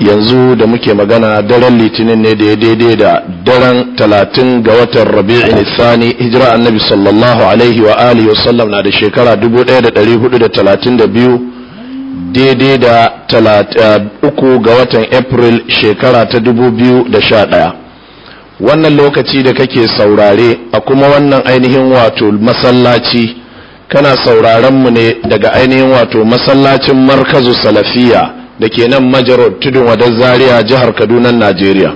yanzu da muke magana daren litinin ne da ya daidai da daren talatin ga watan rabi'in sani hijira annabi sallallahu alaihi wa alihi wa sallam na da shekara 1432 daidai da eh, uku ga watan april shekara ta 2011 wannan lokaci da kake saurare a kuma wannan ainihin wato masallaci kana sauraren mu ne daga ainihin wato masallacin markazu salafiya da ke nan majarod tudun wadar zaria jihar kaduna najeriya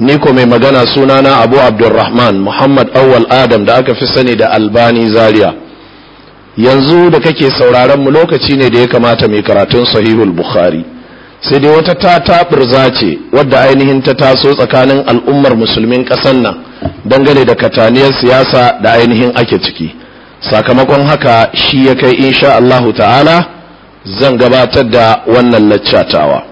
ni ko mai magana sunana abu abdulrahman muhammad awal adam da aka fi sani da albani zaria yanzu da kake sauraron mu lokaci ne da ya kamata mai karatun sahihul bukhari sai dai wata ta tabir ce wadda ainihin ta taso tsakanin al'ummar musulmin kasan nan dangane da kataniyar siyasa da ainihin ake ciki sakamakon haka shi ya kai insha Allahu ta'ala zan gabatar da wannan laccatawa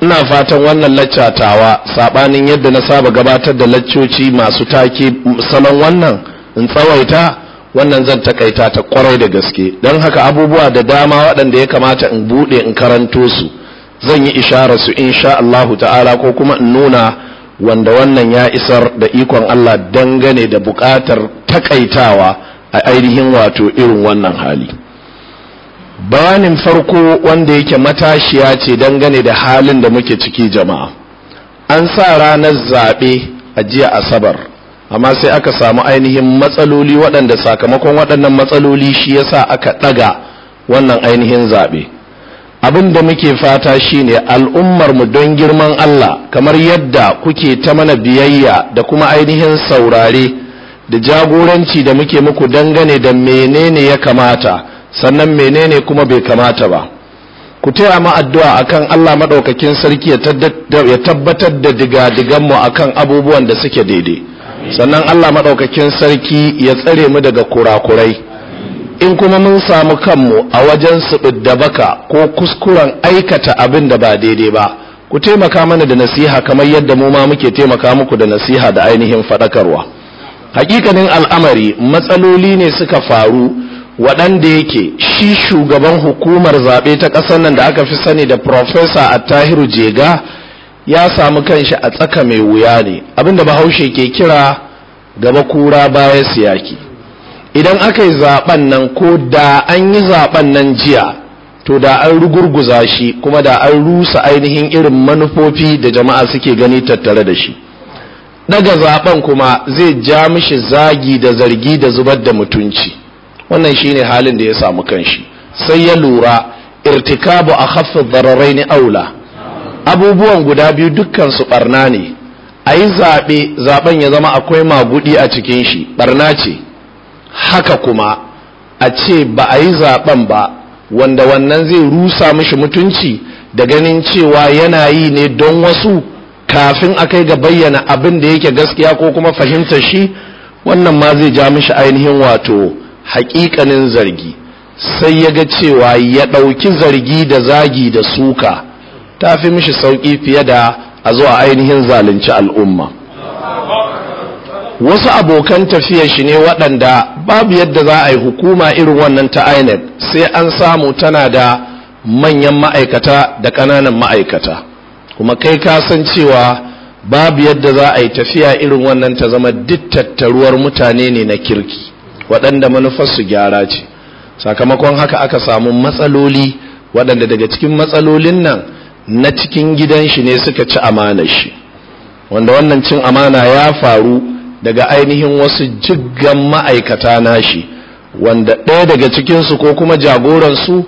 ina fatan wannan laccatawa sabanin yadda na saba gabatar da laccoci masu take salon wannan in tsawaita wannan zan takaita ta kwarai da gaske don haka abubuwa da dama waɗanda ya kamata in buɗe in karanto su zan yi ishara su in sha Allahu ta'ala ko kuma in nuna wanda wannan ya isar da ikon Allah dangane da buƙatar takaitawa a ainihin wato irin wannan hali bayanin farko wanda yake matashiya ce dangane da halin da muke ciki jama'a an sa ranar zaɓe a jiya asabar amma sai aka samu ainihin matsaloli waɗanda sakamakon waɗannan matsaloli shi yasa aka ɗaga wannan ainihin zaɓe abin da muke fata shi ne al'ummarmu don girman Allah kamar yadda kuke ta mana biyayya da kuma ainihin saurare da jagoranci da muke muku dangane da menene ya kamata sannan menene kuma bai kamata ba ku taya mu addu'a akan Allah madaukakin sarki ya tabbatar da diga-digan mu akan abubuwan da suke daidai sannan Allah madaukakin sarki ya tsare mu daga kurakurai in kuma mun samu kanmu a wajen su baka ko kuskuren aikata abin da ba daidai ba ku taimaka mana da nasiha kamar yadda mu ma muke taimaka muku da nasiha da ainihin faɗakarwa hakikanin al'amari matsaloli ne suka faru waɗanda yake shi shugaban hukumar zaɓe ta ƙasar nan da aka fi sani da profesa Tahiru jega ya samu kanshi a tsaka mai wuya ne abinda bahaushe ke kira gaba kura baya siyaki idan aka yi zaɓen nan ko da an yi zaɓen nan jiya to da an rugurguza shi kuma da an rusa ainihin irin manufofi da jama'a suke gani tattare da shi daga zaɓen kuma zai ja mishi zagi da zargi da zubar da mutunci wannan shine halin da ya samu kanshi sai ya lura irtikabu a haffin zararai ni aula abubuwan guda biyu dukkan su barna ne a yi zaɓe zaɓen ya zama akwai magudi a cikin shi barna ce haka kuma a ce ba a yi zaɓen ba wanda wannan zai rusa mishi mutunci da ganin cewa yana yi ne don wasu kafin a kai ga bayyana abin da yake gaskiya ko kuma fahimtar shi wannan ma zai ja mishi ainihin wato haƙiƙanin zargi sai ya ga cewa ya ɗauki zargi da zagi da suka ta fi mishi sauƙi fiye da a zuwa ainihin zalunci al'umma wasu abokan tafiya shi ne waɗanda babu yadda za a yi hukuma irin wannan ta inec sai an samu tana da manyan ma'aikata da ƙananan ma'aikata kuma kai ka san cewa babu yadda za a yi tafiya irin wannan ta zama duk tattaruwar mutane ne na kirki waɗanda manufarsu gyara ce sakamakon haka aka samu matsaloli waɗanda daga cikin matsalolin nan na cikin gidan shi ne suka ci amana shi wanda wannan cin amana ya faru daga ainihin wasu jiggan ma'aikata nashi wanda ɗaya daga cikinsu ko kuma jagoransu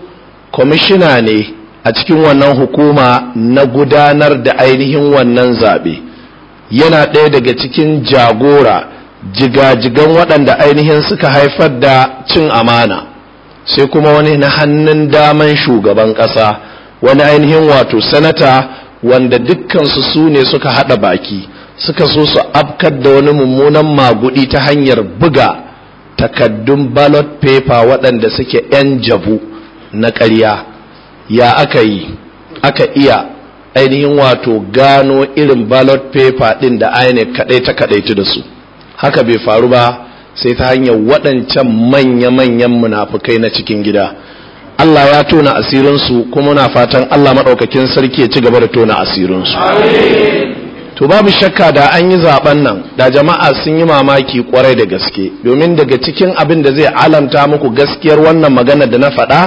kwamishina ne a cikin wannan hukuma na gudanar da ainihin wannan zaɓe yana ɗaya daga cikin jagora jigajigan waɗanda ainihin suka haifar da cin amana sai kuma wani na hannun daman shugaban ƙasa wani ainihin wato sanata wanda dukkansu su ne suka haɗa baki suka so su afkar da wani mummunan magudi ta hanyar buga takaddun ballot paper waɗanda suke 'yan jabu na ƙarya ya aka yi aka iya ainihin wato gano irin ballot paper ɗin da INEC kaɗai ta kaɗaitu da su haka bai faru ba sai ta hanyar waɗancan manya-manyan munafukai na cikin gida Allah ya tona asirinsu kuma na fatan Allah maɗaukakin sarki ya ci gaba da tona asirinsu to babu shakka da an yi zaɓen nan da jama'a sun yi mamaki kwarai da gaske domin daga cikin abin da zai alamta muku gaskiyar wannan magana da na faɗa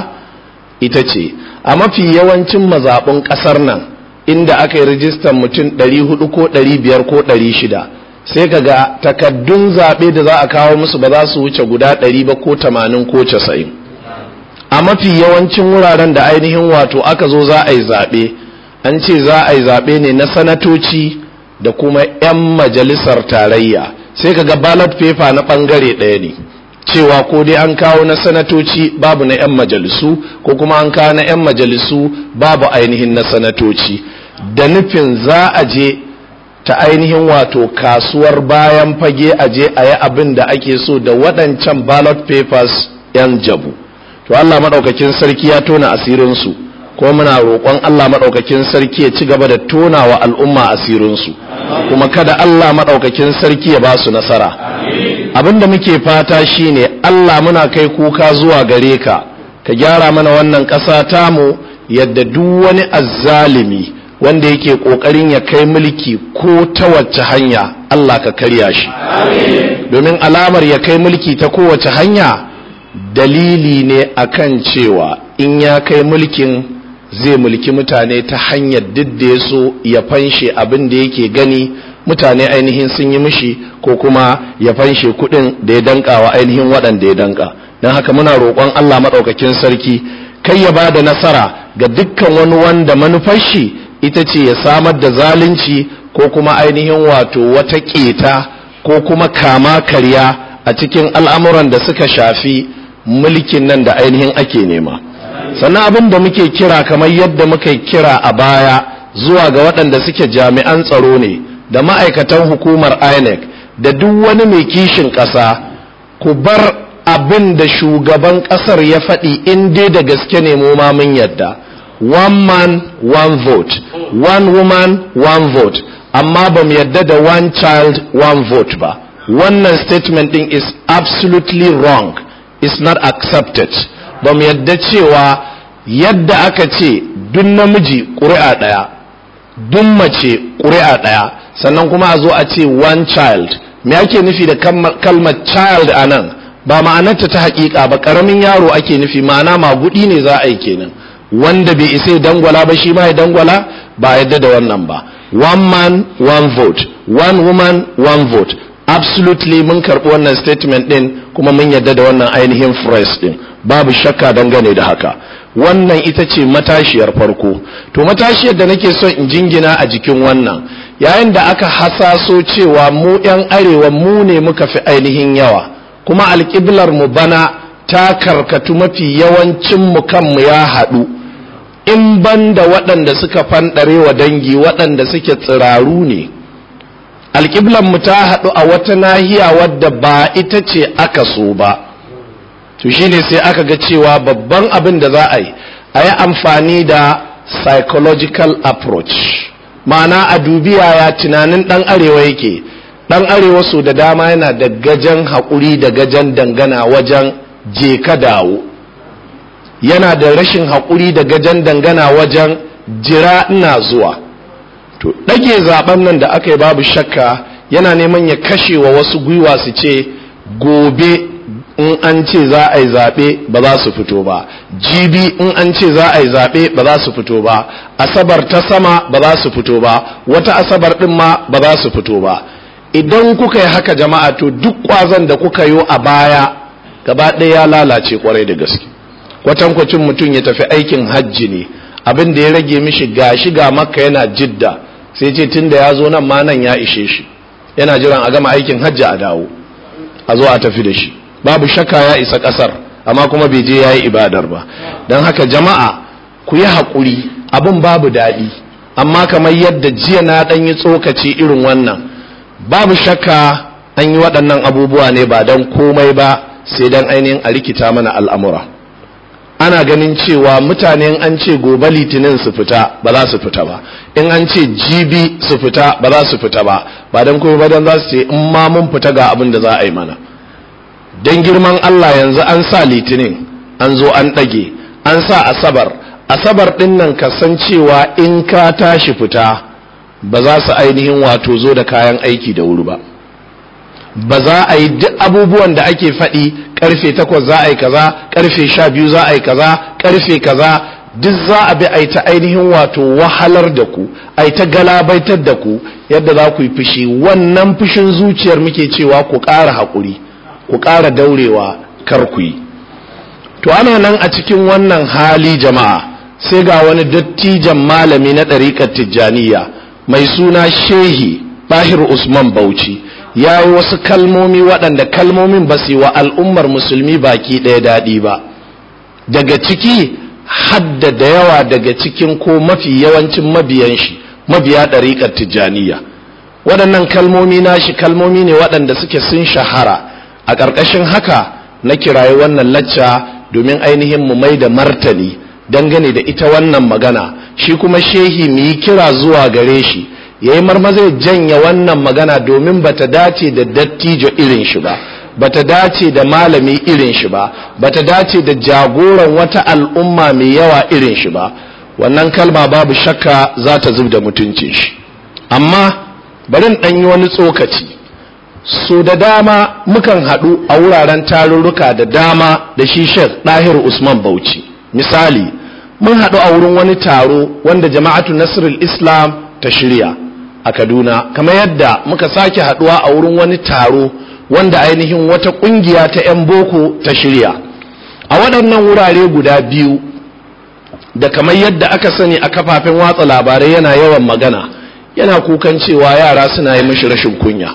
ita ce a mafi yawancin mazaɓin ƙasar nan inda aka yi rijistar mutum 400 ko 500 ko 600 sai ka ga takaddun zaɓe da za a kawo musu ba za su wuce guda ɗari ba ko tamanin ko casa'in a mafi yawancin wuraren da ainihin wato aka zo za a yi zaɓe an ce za a yi zaɓe ne na sanatoci da kuma 'yan majalisar tarayya sai ka ga ballot paper na ɓangare ɗaya ne cewa ko dai an kawo na sanatoci babu na 'yan majalisu ko kuma an kawo na 'yan majalisu babu ainihin na sanatoci da nufin za a je ta ainihin wato kasuwar bayan fage a je a yi abin da ake so da waɗancan ballot papers 'yan jabu to allah maɗaukakin sarki ya tona asirinsu ko muna roƙon allah maɗaukakin sarki ya ci gaba da tona wa al'umma asirinsu kuma kada allah maɗaukakin sarki ya ba su nasara abin da muke fata shine allah muna kai kuka zuwa gare ka ka gyara mana wannan ƙasa tamu yadda duk wani azzalimi wanda yake kokarin ya kai mulki ko ta wacce hanya Allah ka karya shi domin alamar ya kai mulki ta kowace hanya dalili ne akan cewa in ya kai mulkin zai mulki mutane ta hanyar didda ya so ya fanshe abin da yake gani mutane ainihin sun yi mishi ko kuma ya fanshe kudin da ya danka wa ainihin waɗanda ya danka don haka muna roƙon Allah maɗaukakin sarki kai ya ba da nasara ga dukkan wani wanda manufar shi ita ce ya samar da zalunci ko kuma ainihin wato wata keta ko kuma kama karya a cikin al'amuran da suka shafi mulkin nan da ainihin ake nema sannan abin da muke kira kamar yadda muka kira a baya zuwa ga waɗanda suke jami'an tsaro ne da ma'aikatan hukumar inec da duk wani mai kishin ƙasa ku bar abin da shugaban ƙasar ya faɗi in dai da gaske ne mu ma mun yadda one man one vote one woman one vote amma ba mu yadda da one child one vote ba wannan statement ɗin is absolutely wrong is not accepted ba mu yadda cewa yadda aka ce duk namiji ƙuri'a ɗaya duk mace ƙuri'a ɗaya sannan kuma a zo a ce one child me ake nufi da kalmar child a nan ba ma'anarta ta haƙiƙa ba ƙaramin yaro ake nufi ma'ana magudi ne za a yi kenan wanda bai isa ya dangwala ba shi ma ya dangwala ba a yadda da wannan ba one man one vote one woman one vote absolutely mun karɓi wannan statement ɗin kuma mun yadda da wannan ainihin phrase ɗin babu shakka dangane da haka wannan ita ce matashiyar farko to matashiyar da nake son in jingina a jikin wannan yayin da aka hasaso cewa mu 'yan arewa mu ne muka fi ainihin yawa kuma alƙiblar mu bana ta karkatu mafi yawancin mu kanmu ya haɗu in banda waɗanda suka fanɗare wa dangi waɗanda suke tsiraru ne mu ta haɗu a wata nahiya wadda ba ita ce aka so ba to shine sai aka ga cewa babban abin da za a yi a yi amfani da psychological approach ma'ana a dubi yaya tunanin ɗan arewa yake ɗan arewa so da dama yana da gajen haƙuri da gajen dangana wajen je ka dawo yana da rashin haƙuri da gajen dangana wajen jira ina zuwa to ɗage zaɓen nan da aka yi babu shakka yana neman ya kashe wa wasu gwiwa su ce gobe in an ce za a yi zaɓe ba za su fito ba jibi in an ce za a yi zaɓe ba za su fito ba asabar ta sama ba za su fito ba wata asabar ɗin ma ba za su fito ba idan kuka yi haka jama'a to duk ƙwazon da kuka yi a baya gaba ɗaya ya lalace kwarai da gaske kwatankwacin mutum ya tafi aikin hajji ne abin da ya rage mishi ga shiga maka yana jidda sai ce tun da ya zo nan ma nan ya ishe shi yana jiran a gama aikin hajji a dawo a zo a tafi da shi babu shaka ya isa kasar amma kuma bai je ya yi ibadar ba don haka jama'a ku yi haƙuri abin babu daɗi amma kamar yadda jiya na ɗan yi tsokaci irin wannan babu shaka an yi waɗannan abubuwa ne ba don komai ba sai don ainihin a rikita mana al'amura ana ganin cewa mutane an ce gobe litinin su fita ba za su fita ba in an ce jibi su fita ba za su fita ba ba don kuma ba don za su ce in ma mun fita ga abin da za a yi mana don girman allah yanzu an sa litinin an zo an ɗage an sa asabar asabar ɗin nan cewa in ka tashi fita ba za su ainihin wato zo da kayan aiki da wuri ba ba za a yi duk abubuwan da ake faɗi karfe takwas za a yi kaza karfe sha biyu za a yi kaza ƙarfe kaza duk za a bi a ta ainihin wato wahalar da ku a ta galabaitar da ku yadda za ku yi fushi wannan fushin zuciyar muke cewa ku ƙara haƙuri ku ƙara daurewa kar ku yi to ana nan a cikin wannan hali jama'a sai ga wani dattijan malami na ɗariƙar tijjaniya mai suna shehi bahir usman bauchi ya yi wasu kalmomi waɗanda kalmomin ba su yi wa al'ummar musulmi baki ɗaya daɗi ba daga ciki hadda da yawa daga cikin ko mafi yawancin mabiyan shi mabiya ɗariƙar tijjaniya waɗannan kalmomi na shi kalmomi ne waɗanda suke sun shahara a ƙarƙashin haka na kirayi wannan lacca domin ainihin mu mai da martani dangane da ita wannan magana shi kuma shehi mu yi kira zuwa gare shi yayi marmaza zai janya wannan magana domin ba ta dace da dattijo irin shi ba ba ta dace da malami irin shi ba ba ta dace da jagoran wata al'umma mai yawa irin shi ba wannan kalma babu shakka za ta zub da mutuncin shi amma barin ɗan yi wani tsokaci so da dama mukan haɗu a wuraren tarurruka da dama da shi shek ɗahir usman bauchi misali mun haɗu a wurin wani taro wanda jama'atu nasirul islam ta shirya a kaduna kamar yadda muka sake haduwa a wurin wani taro wanda ainihin wata kungiya ta 'yan boko ta shirya a waɗannan wurare guda biyu da kamar yadda aka sani a kafafen watsa labarai yana yawan magana yana kukan cewa yara suna yi mashi rashin kunya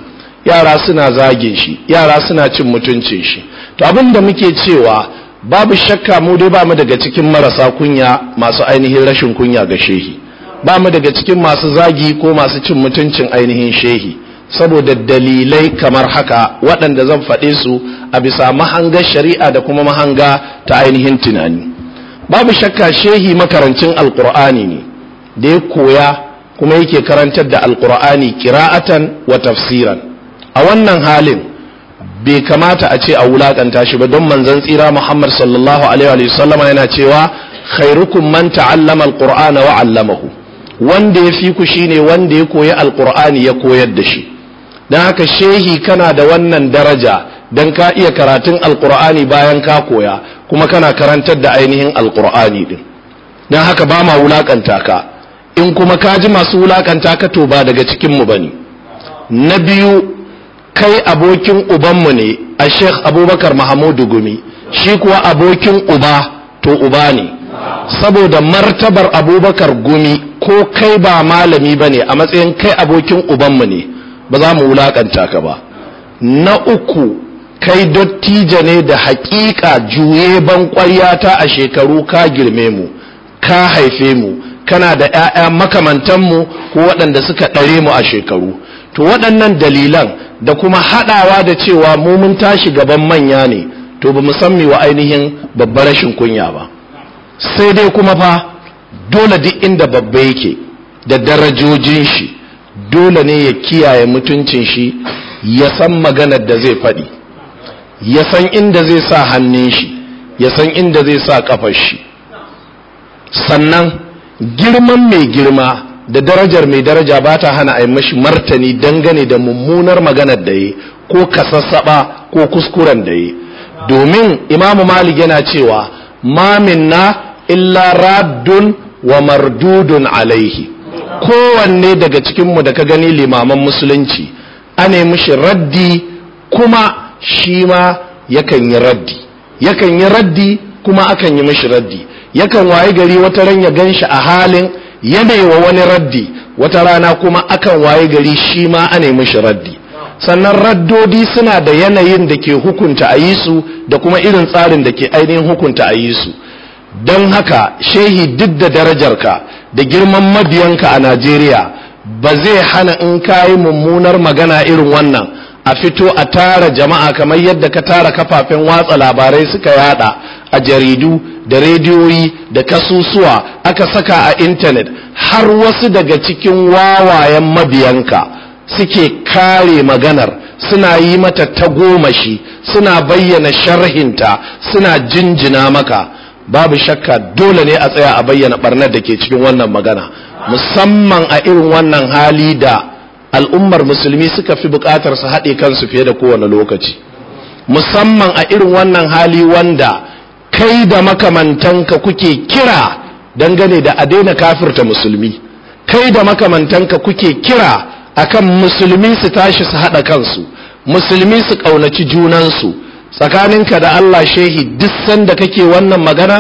yara suna zagin shi yara suna cin mutuncin shi to abin da muke cewa babu shakka mu dai ba mu daga cikin marasa kunya masu ainihin rashin kunya ga shehi ba mu daga cikin masu zagi ko masu cin mutuncin ainihin shehi saboda dalilai kamar haka waɗanda zan faɗe su a bisa mahangar shari'a da kuma mahanga ta ainihin tunani babu shakka shehi makarancin alkur'ani ne da ya koya kuma yake karantar da alkur'ani kira'atan wa tafsiran a wannan halin bai kamata a ce a wulakanta shi ba don manzon tsira Muhammad sallallahu alaihi wa sallama yana cewa khairukum man ta'allama alqur'ana wa 'allamahu wanda ya fi ku shine wanda ya koyi alkur'ani ya koyar da shi don haka shehi kana da wannan daraja don ka iya karatun alkur'ani bayan ka koya kuma kana karantar da ainihin alkur'ani din don haka ba ma wulakanta ka in kuma ka ji masu wulakanta ka to ba daga cikinmu ba ne. na biyu kai abokin ubanmu ne a sheikh abubakar mahamudu gumi shi kuwa abokin uba to uba ne saboda martabar abubakar gumi ko kai ba malami ba ne a matsayin kai abokin ubanmu ne ba za mu wulaƙanta ka ba na uku kai dattijo ne da haƙiƙa juye ban ta a shekaru ka girme mu ka haife mu kana da 'ya'ya makamantanmu ko waɗanda suka ɗare mu a shekaru to waɗannan dalilan da kuma haɗawa da cewa mu mun tashi gaban manya ne to ba mu san wa ainihin babbar rashin kunya ba sai dai kuma fa dole duk inda babba yake da darajojin shi dole ne ya kiyaye mutuncin shi ya san maganar da zai faɗi ya san inda zai sa hannun shi ya san inda zai sa kafar shi sannan girman mai girma da darajar mai daraja ba ta hana a mashi martani dangane da mummunar maganar da ya ko kasassaba ko kuskuren da ya domin imamu malik yana cewa mamin na illa raddun wa mardudun alaihi kowanne daga cikinmu da ka gani limaman musulunci ane mushi raddi kuma shi ma yakan yi raddi yakan yi raddi kuma akan yi mishi raddi yakan waye gari wata ran ya gan shi a halin yanayi wa wani raddi wata rana kuma akan waye gari shi ma ane mishi raddi sannan raddodi suna da yanayin da ke hukunta a yi da kuma irin tsarin da ke ainihin hukunta ayisu. don haka shehi duk da darajarka da girman mabiyanka a najeriya ba zai hana in kayi mummunar magana irin wannan a fito a tara jama'a kamar yadda ka tara kafafen watsa labarai suka yada a jaridu da rediyoyi da kasusuwa aka saka a intanet har wasu daga cikin wawayen mabiyanka suke kare maganar suna yi mata tagomashi suna bayyana sharhinta suna jinjina maka babu shakka dole ne a tsaya a bayyana barnar da ke cikin wannan magana musamman a irin wannan hali da al'ummar musulmi suka fi bukatar su haɗe kansu fiye da kowane lokaci musamman a irin wannan hali wanda kai da makamantanka kuke kira dangane da a daina kafirta musulmi kai da makamantanka kuke kira akan musulmi su tashi su haɗa kansu musulmi su ƙaunaci junansu tsakaninka da Allah shehi duk sanda kake wannan magana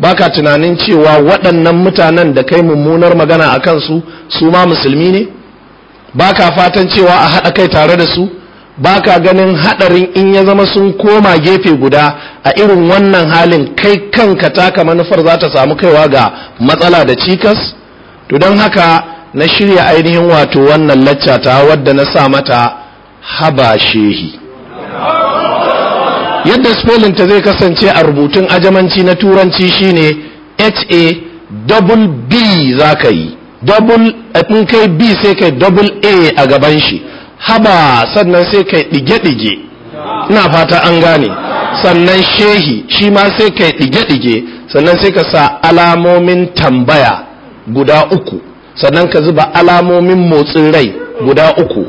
baka tunanin cewa waɗannan mutanen da kai mummunar magana a kansu su ma musulmi ne baka fatan cewa a haɗa kai tare da su baka ganin haɗarin in ya zama sun koma gefe guda a irin wannan halin kai kanka taka manufar za ta samu kaiwa ga matsala da cikas to don haka na shirya ainihin wato wannan lacca ta wadda na sa mata haba shehi yadda spelling ta zai kasance a rubutun ajamanci na turanci shine h a double b za ka yi double eh, in kai b sai kai double a a gaban shi haba sannan sai kai dige-dige ina fata an gane sannan shehi shi ma sai kai dige-dige sannan sai ka sa alamomin tambaya guda uku sannan ka zuba alamomin motsin rai guda uku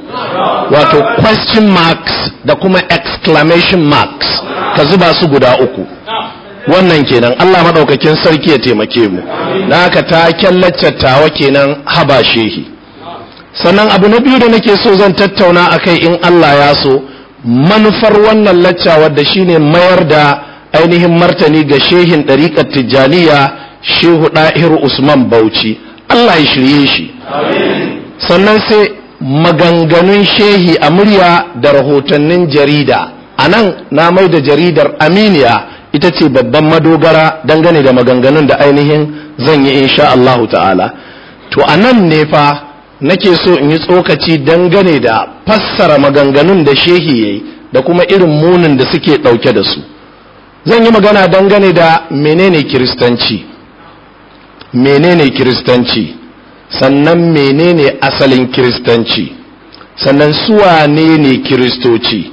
wato question marks da kuma exclamation marks ka zuba su guda uku wannan kenan Allah maɗaukakin sarki ya taimake mu na haka taken tawa kenan haba shehi sannan abu na biyu da nake so zan tattauna akai in Allah ya so manufar wannan lacca wadda shine mayar da ainihin martani ga shehin ɗariƙar tijjaniya shehu ɗahir usman bauchi Allah ya shirye shi sannan sai maganganun shehi a murya da rahotannin jarida a nan na mai da jaridar aminiya ita ce babban madogara dangane da maganganun da ainihin zan yi insha Allahu ta'ala to a nan ne fa nake so in yi tsokaci dangane da fassara maganganun da shehi yayi da kuma irin munin da suke ɗauke da su zan yi magana dangane da menene kiristanci menene kiristanci sannan menene asalin kiristanci sannan suwa ne ne kiristoci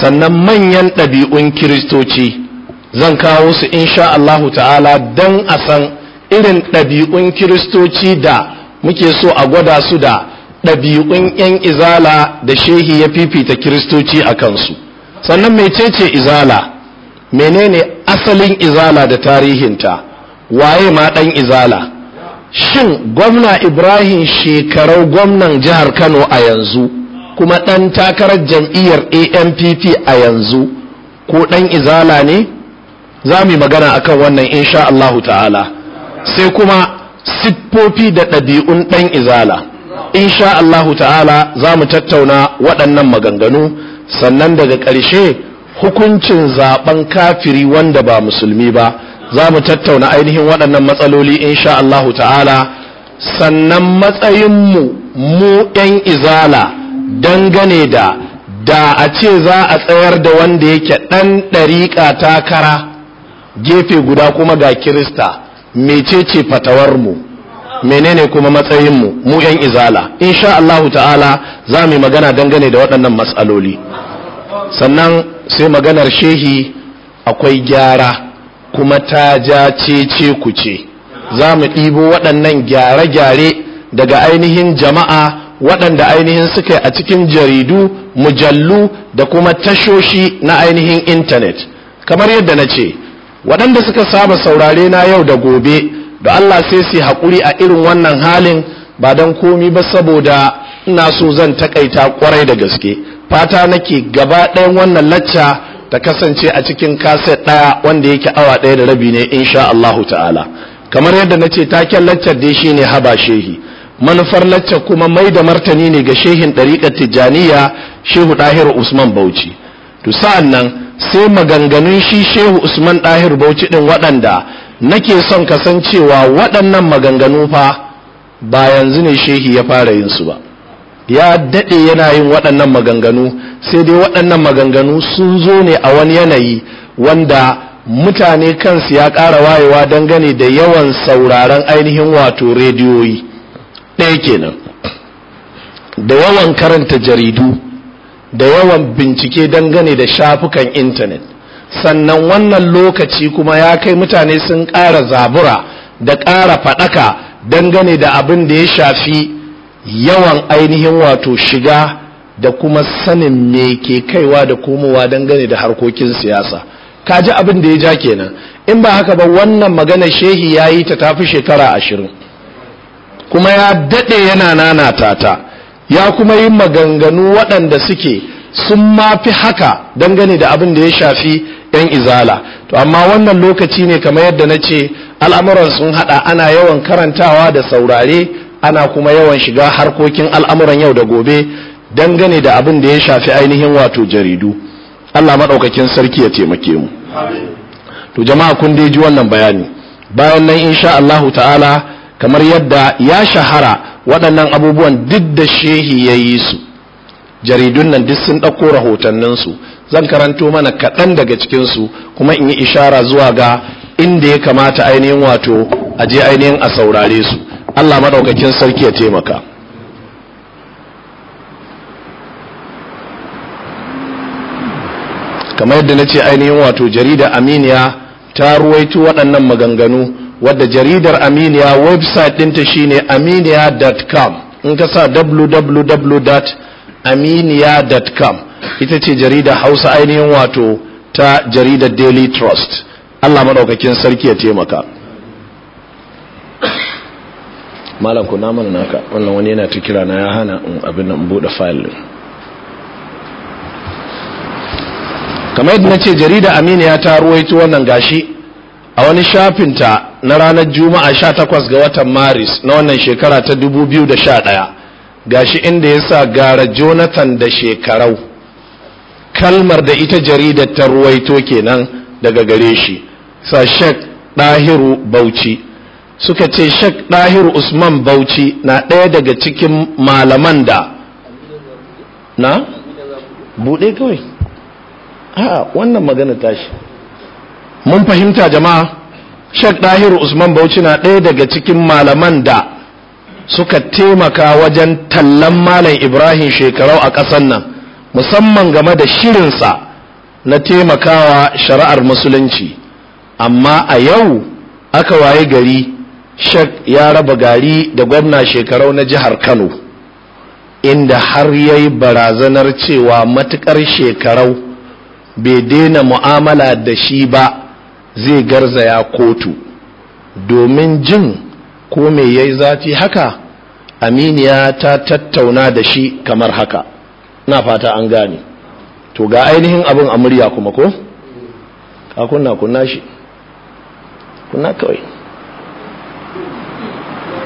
sannan manyan ɗabi'un kiristoci zan kawo su insha Allahu ta'ala don a san irin ɗabi'un kiristoci da muke so a gwada su da ɗabi'un 'yan izala da shehi ya fifita kiristoci a kansu sannan mecece izala menene asalin izala da tarihinta waye ma ɗan izala shin gwamna ibrahim shekarau gwamnan jihar kano a yanzu kuma ɗan takarar jam'iyyar ampp a yanzu ko ɗan izala ne za mu yi magana a kan wannan insha Allahu ta'ala sai kuma siffofi da ɗabi'un ɗan izala insha Allahu ta'ala za mu tattauna waɗannan maganganu sannan daga ƙarshe hukuncin zaɓen kafiri wanda ba musulmi ba za mu tattauna ainihin waɗannan matsaloli insha Allahu ta'ala sannan matsayinmu mu ɗan izala dangane da da a ce za a tsayar da wanda yake ɗan ɗariƙa takara gefe guda kuma ga kirista mecece fatawarmu menene kuma matsayinmu mu yan izala insha Allahu ta'ala za mu yi magana dangane da waɗannan matsaloli sannan sai maganar shehi akwai gyara kuma ta ja cece ku ce za mu ɗibo waɗannan gyare-gyare daga ainihin jama'a waɗanda ainihin suka yi a cikin jaridu mujallu da kuma tashoshi na ainihin intanet kamar yadda na ce waɗanda suka saba saurare na yau da gobe da Allah sai su haƙuri a irin wannan halin ba don komi ba saboda ina so zan takaita kwarai da gaske fata nake gaba ɗayan wannan lacca ta kasance a cikin kaset ɗaya wanda yake awa ɗaya da rabi ne insha Allahu ta'ala kamar yadda na ce taken laccar dai ne haba shehi manufar laccar kuma mai da martani ne ga shehin ɗariƙar tijjaniya shehu ɗahir usman bauchi to sa'an nan sai maganganun shi shehu usman ɗahir bauchi ɗin waɗanda nake son kasancewa waɗannan maganganu fa ba yanzu ne shehi ya fara yin su ba ya daɗe yana yin waɗannan maganganu sai dai waɗannan maganganu sun zo ne a wani yanayi wanda mutane kansu ya ƙara wayewa dangane da yawan sauraron ainihin wato rediyoyi ɗaya kenan da yawan karanta jaridu da yawan bincike dangane da shafukan intanet sannan wannan lokaci kuma ya kai mutane sun ƙara zabura da ƙara faɗaka dangane da abin da ya shafi yawan ainihin wato shiga da kuma sanin me ke kaiwa da komowa dangane da harkokin siyasa kaji abin da ya ja kenan in ba haka ba wannan magana shehi ya yi ta tafi shekara ashirin kuma ya daɗe yana nanata ta ya kuma yi maganganu waɗanda suke sun mafi haka dangane da abin da ya shafi 'yan izala to amma wannan lokaci ne kamar yadda na ce al'amuran sun hada ana yawan karantawa da saurare ana kuma yawan shiga harkokin al'amuran yau da gobe dangane da abin da ya shafi ainihin wato jaridu Allah maɗaukakin sarki ya taimake mu to jama'a kun dai ji wannan bayani bayan nan insha Allahu ta'ala kamar yadda ya shahara waɗannan abubuwan duk da shehi ya yi su jaridun nan duk sun ɗauko rahotanninsu zan karanto mana kaɗan daga cikin su kuma in yi ishara zuwa ga inda ya kamata ainihin wato a je ainihin a saurare su Allah madaukakin sarki ya taimaka kamar yadda na ce ainihin wato jaridar aminiya ta ruwaito waɗannan maganganu wadda jaridar aminiya website ɗinta shine aminiya.com in ka sa www.aminiya.com ita ce jaridar hausa ainihin wato ta jaridar daily trust allah maɗaukakin sarki ya taimaka malam ku naka wannan wani yana ta na ya hana in abin nan bude file din kamar yadda nace jarida Aminiya ta ruwaito wannan gashi a wani shafin ta na ranar Juma'a 18 ga watan Maris na wannan shekara ta 2011 gashi inda yasa gara Jonathan da shekarau kalmar da ita jaridar ta ruwaito kenan daga gare shi sa Ɗahiru. Dahiru Bauchi suka ce shek ɗahir usman bauchi na ɗaya daga cikin malaman da na buɗe kawai a wannan magana tashi mun fahimta jama'a shek ɗahir usman bauchi na ɗaya daga cikin malaman da suka taimaka wajen tallan malam ibrahim shekarau a ƙasar nan musamman game da shirinsa na taimakawa shari'ar musulunci amma a yau aka waye gari shek ya raba gari da gwamna shekarau na jihar kano inda har ya yi barazanar cewa matukar shekarau bai daina mu'amala da shi ba zai garzaya kotu domin jin ko mai yayi zafi haka aminiya ta tattauna da shi kamar haka na fata an gane to ga ainihin abin a murya kuma ko? ka kunna kunna shi kunna kawai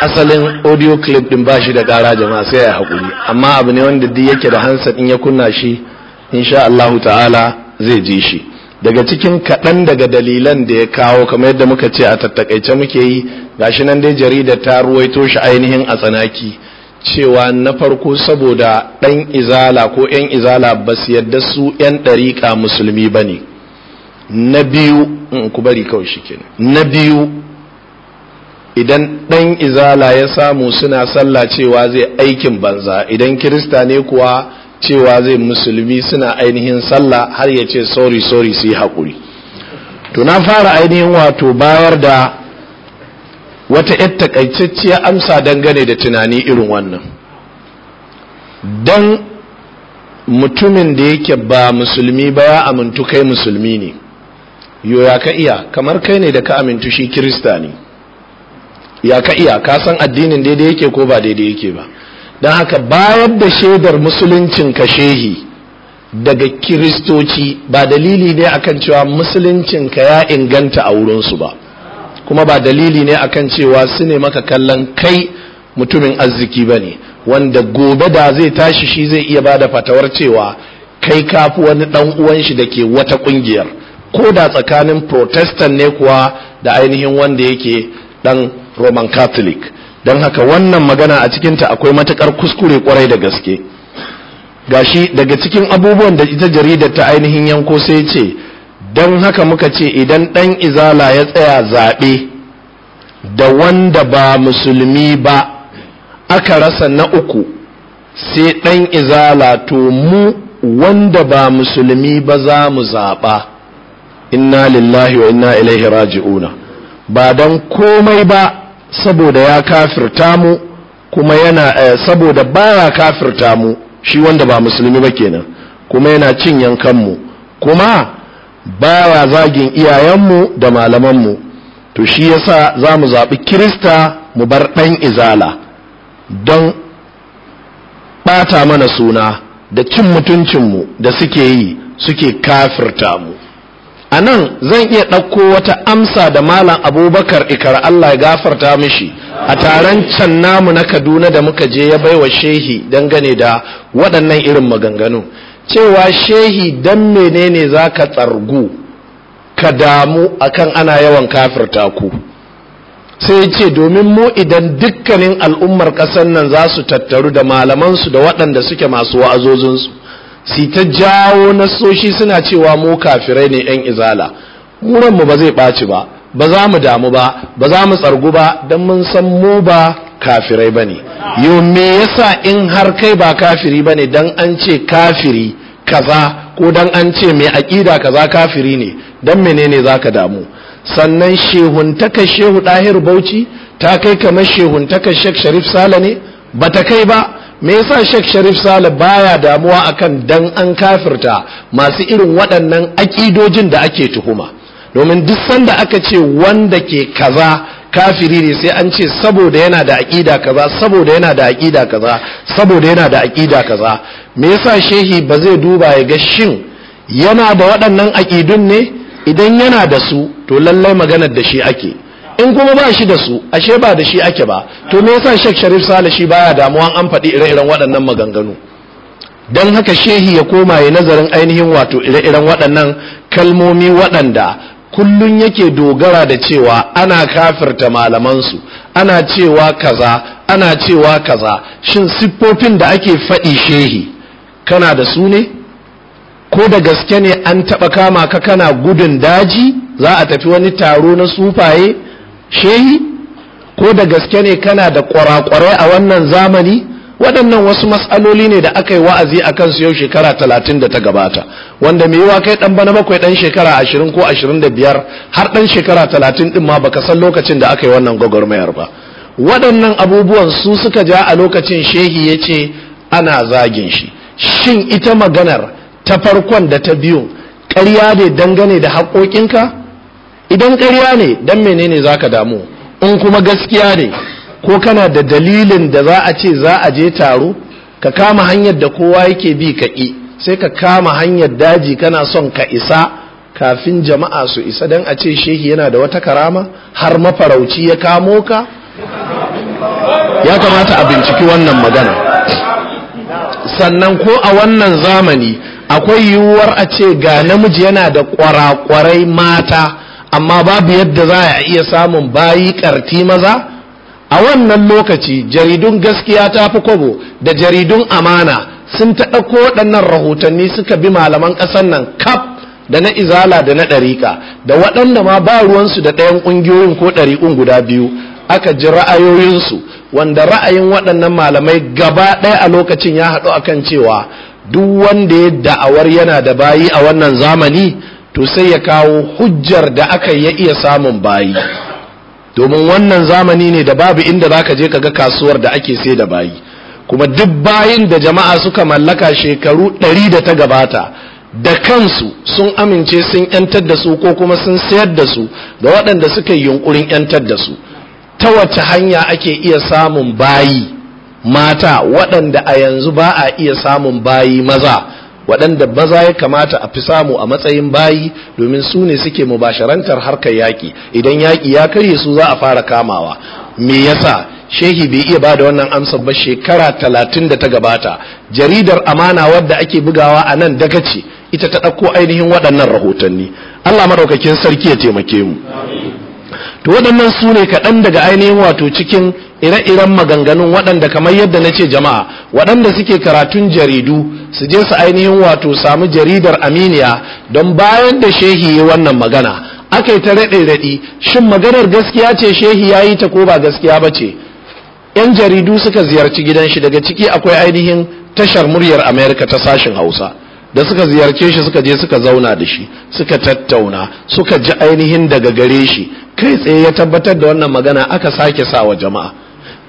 asalin audio clip din ba shi da gara jama'a sai ya haƙuri amma abu ne wanda duk yake da hansa in ya kunna shi insha Allah ta'ala zai ji shi daga cikin kaɗan daga dalilan da ya kawo kamar yadda muka ce a tattakaice muke yi gashi nan dai jarida ta ruwaito shi ainihin a tsanaki cewa na farko saboda ɗan izala ko ‘yan izala ba su yadda su ‘yan ɗariƙa musulmi ba ne na biyu mm, ku bari kawai shi na biyu idan ɗan izala ya samu suna sallah cewa zai aikin banza idan kirista ne kuwa cewa zai musulmi suna ainihin sallah har ya ce sorry sorry su yi haƙuri to na fara ainihin wato bayar da wata yar takaitacciyar amsa dangane da tunani irin wannan dan mutumin da yake ba musulmi ba ya amintu kai musulmi ne yo ya ka iya kamar kai ne da ka amintu shi kirista ne ya ka iya ka san addinin daidai yake ko ba daidai yake ba don haka bayar da shaidar musuluncin ka shehi daga kiristoci ba dalili ne akan cewa musuluncin ka ya inganta a wurinsu ba kuma ba dalili ne akan cewa su ne maka kallon kai mutumin arziki ba ne wanda gobe da zai tashi shi zai iya ba da fatawar cewa kai kafi wani ɗan uwan shi da ke wata ƙungiyar ko da tsakanin protestant ne kuwa da ainihin wanda yake ɗan roman catholic don haka wannan magana a cikinta akwai matuƙar kuskure kwarai da gaske gashi daga cikin abubuwan da ita jaridar ta ainihin yanko sai ce don haka muka ce idan ɗan izala ya tsaya zaɓe da wanda ba musulmi ba aka rasa na uku sai ɗan izala to mu wanda ba musulmi ba za mu zaɓa inna lillahi wa inna ilaihi raji'una ba don komai ba saboda ya kafirta mu kuma yana eh, saboda baya kafirta mu shi wanda ba musulmi ba kenan kuma yana cin yankanmu kuma baya zagin iyayenmu da malamanmu to shi yasa za mu zaɓi kirista mu bar ɗan izala don ɓata mana suna da cin mutuncinmu da suke yi suke kafirta mu a nan zan iya ɗauko wata amsa da malam abubakar ikar allah ya gafarta mishi a taron can namu na kaduna da muka je ya baiwa shehi dangane da waɗannan irin maganganu cewa shehi dan menene za ka tsargu ka damu akan ana yawan kafirta ku sai ce domin mu idan dukkanin al'ummar ƙasar nan za su tattaru da malamansu da waɗanda suke masu wa'azozinsu si ta jawo nasoshi suna cewa mu kafirai ne 'yan izala mu ba zai ɓaci ba ba za mu damu ba ba za mu tsargu ba don mun san mu ba kafirai bane yau me yasa in har kai ba kafiri ba ne don an ce kafiri kaza ko don an ce mai aƙida kaza kafiri ne dan menene ka damu sannan shehuntaka shehu ɗahir bauchi ta kai kamar shehuntaka shek sharif sale ne ba ta kai ba me yasa shek sharif sale baya damuwa akan dan an kafirta masu irin waɗannan aƙidojin da ake tuhuma domin duk sanda aka ce wanda ke kaza kafiri ne sai an ce saboda yana da aƙida kaza saboda yana da aƙida kaza saboda yana da aƙida kaza me yasa shehi ba zai duba ya ga shin yana da waɗannan aƙidun ne idan yana da su to lallai maganar da shi ake in kuma ba shi da su ashe ba da shi ake ba to me yasa shek Sharif Sale shi baya damuwa an faɗi ire-iren waɗannan maganganu dan haka shehi ya koma ya nazarin ainihin wato ire-iren waɗannan kalmomi waɗanda kullun yake dogara da cewa ana kafirta malamansu ana cewa kaza ana cewa kaza shin siffofin da ake faɗi shehi kana da su ne ko da gaske ne an taɓa kama ka kana gudun daji za a tafi wani taro na sufaye shehi ko da gaske ne kana da kwarakwarai a wannan zamani waɗannan wasu matsaloli ne da aka yi wa'azi a kansu yau shekara talatin da ta gabata wanda mai yiwa kai ɗan bana bakwai ɗan shekara ashirin ko ashirin da biyar har ɗan shekara talatin ɗin ma baka san lokacin da aka yi wannan gwagwarmayar ba waɗannan abubuwan su suka ja a lokacin shehi ya ce ana zagin shi shin ita maganar ta farkon da ta biyu ƙarya ne dangane da haƙoƙinka idan ƙarya ne dan menene zaka damu in kuma gaskiya ne ko kana da dalilin da za a ce za a je taro ka kama hanyar da kowa yake bi ka ƙi sai ka kama hanyar daji kana son ka isa kafin jama'a su isa don a ce shehi yana da wata karama har mafarauci ya kamo ka ya kamata a binciki wannan magana sannan ko a wannan zamani akwai yiwuwar a ce ga namiji yana da kwarakwarai mata amma babu yadda za a iya samun bayi karti maza a wannan lokaci jaridun gaskiya ta fi kwabo da jaridun amana sun ta ɗauko waɗannan rahotanni suka bi malaman ƙasar nan kaf da na izala da na ɗariƙa da waɗanda ma ba ruwansu da ɗayan ƙungiyoyin ko ɗariƙun guda biyu aka ji ra'ayoyinsu wanda ra'ayin waɗannan malamai gaba ɗaya a lokacin ya haɗu a kan cewa duk wanda ya da'awar yana da bayi a wannan zamani to sai ya kawo hujjar da aka ya iya samun bayi domin wannan zamani ne da babu inda za ka je ka ga kasuwar da ake sai da bayi kuma duk bayin da jama'a suka mallaka shekaru ɗari da ta gabata da kansu sun amince sun yantar da su ko kuma sun sayar da su da waɗanda suka yi yunkurin yantar da su ta wace hanya ake iya samun bayi mata waɗanda a yanzu ba a iya samun bayi maza waɗanda maza ya kamata a fi samu a matsayin bayi domin su ne suke mubasharantar harkar yaƙi idan yaƙi ya karye su za a fara kamawa me yasa shehi bai iya ba da wannan amsar ba shekara talatin da ta gabata jaridar amana wadda ake bugawa a nan daga ce ita ta ɗauko ainihin waɗannan rahotanni allah maɗaukakin sarki ya taimake mu to waɗannan su ne kaɗan daga ainihin wato cikin ire-iren maganganun waɗanda kamar yadda na ce jama'a waɗanda suke karatun jaridu su je su ainihin wato samu jaridar aminiya don bayan da shehi ya wannan magana aka yi ta raɗe-raɗi shin maganar gaskiya ce shehi ya yi ta ko ba gaskiya ba ce yan jaridu suka ziyarci gidan shi daga ciki akwai ainihin tashar muryar amerika ta sashin hausa da suka ziyarce shi suka je suka zauna da shi suka tattauna suka ji ainihin daga gare shi kai tsaye ya tabbatar da wannan magana aka sake sa wa jama'a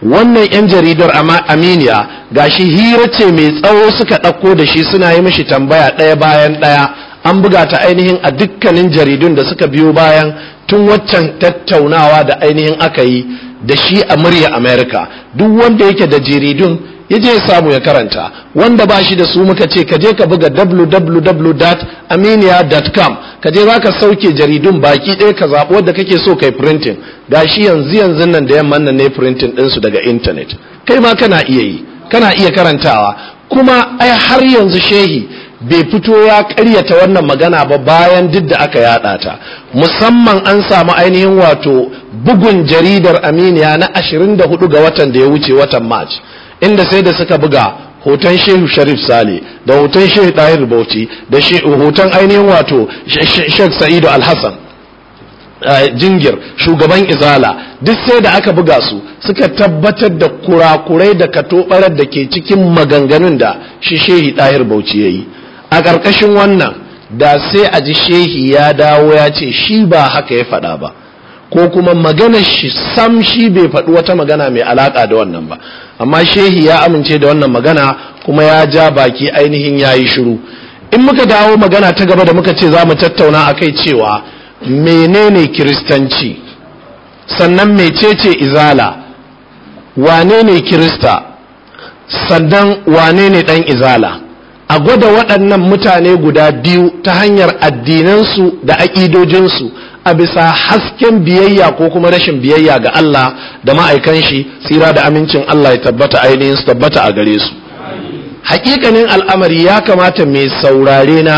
wannan 'yan jaridar aminiya ga shi hira ce mai tsawo suka ɗauko da shi suna yi mishi tambaya ɗaya bayan ɗaya an buga ta ainihin a dukkanin jaridun da suka biyo bayan tun waccan tattaunawa da ainihin aka yi da shi a murya america duk wanda yake da jaridun ya je ya samu ya karanta wanda ba shi da su muka ce ka je ka buga www.aminiya.com ka je za ka sauke jaridun baki ɗaya ka zaɓi wadda kake so kai printing ga shi yanzu yanzu nan da yamman nan ne printing ɗinsu daga intanet kai ma kana iya yi kana iya karantawa kuma ai har yanzu shehi bai fito ya karyata wannan magana ba bayan duk da aka yaɗa ta musamman an samu ainihin wato bugun jaridar aminiya na 24 ga watan da ya wuce watan march inda sai da suka buga hoton shehu sharif sale da hoton shehu dahir bauchi da hoton ainihin wato sheikh sa'idu alhassan jingir shugaban izala duk sai da aka buga su suka tabbatar da kurakurai da katobarar da ke cikin maganganun da shi shehi dahir bauchi ya yi a ƙarƙashin wannan da sai a ji shehi ya dawo ya ce shi ba haka ya faɗa ba ko kuma maganar shi sam shi bai faɗi wata magana mai alaƙa da wannan ba amma shehi ya amince da wannan magana kuma ya ja baki ainihin ya yi shiru in muka dawo magana ta gaba da muka ce za mu tattauna a kai cewa menene kiristanci sannan mecece izala wane ne kirista sannan wane ne ɗan izala a gwada waɗannan mutane guda biyu ta hanyar addinansu da aƙidojinsu a bisa hasken biyayya ko kuma rashin biyayya ga Allah da ma'aikan shi tsira da amincin Allah ya tabbata ainihin su tabbata a gare su hakikanin al'amari ya kamata mai saurare na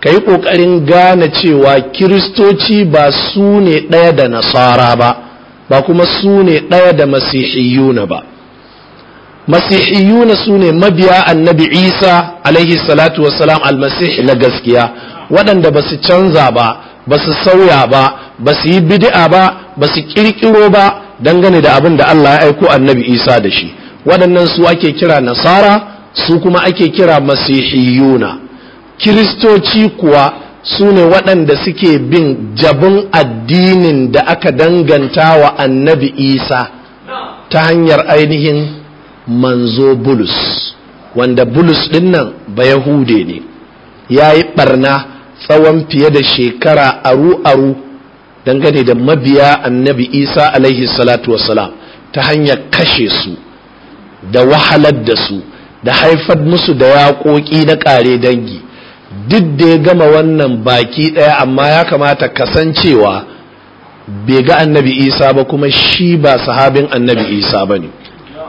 ka yi ƙoƙarin gane cewa kiristoci ba su ne ɗaya da nasara ba ba kuma su ne ɗaya da masihiyuna ba masihiyuna su ne mabiya annabi isa alaihi salatu wasalam almasih na gaskiya waɗanda ba su canza ba ba su sauya ba ba su yi bidi'a ba ba su ƙirƙiro ba dangane da abin da Allah ya aiko annabi Isa da shi waɗannan su ake kira nasara su kuma ake kira masihiyuna kiristoci kuwa su ne waɗanda suke bin jabin addinin da aka danganta wa annabi Isa ta hanyar ainihin manzo bulus wanda bulus ɗin nan ba yahude ne ya yi ɓarna tsawon fiye da shekara aru-aru dangane da mabiya annabi isa alaihi salatu wasalam ta hanyar kashe su da wahalar da su da haifar musu da yaƙoƙi na ƙare dangi duk da ya gama wannan baki ɗaya amma ya kamata kasancewa bai ga annabi isa ba kuma shi ba sahabin annabi isa ba ne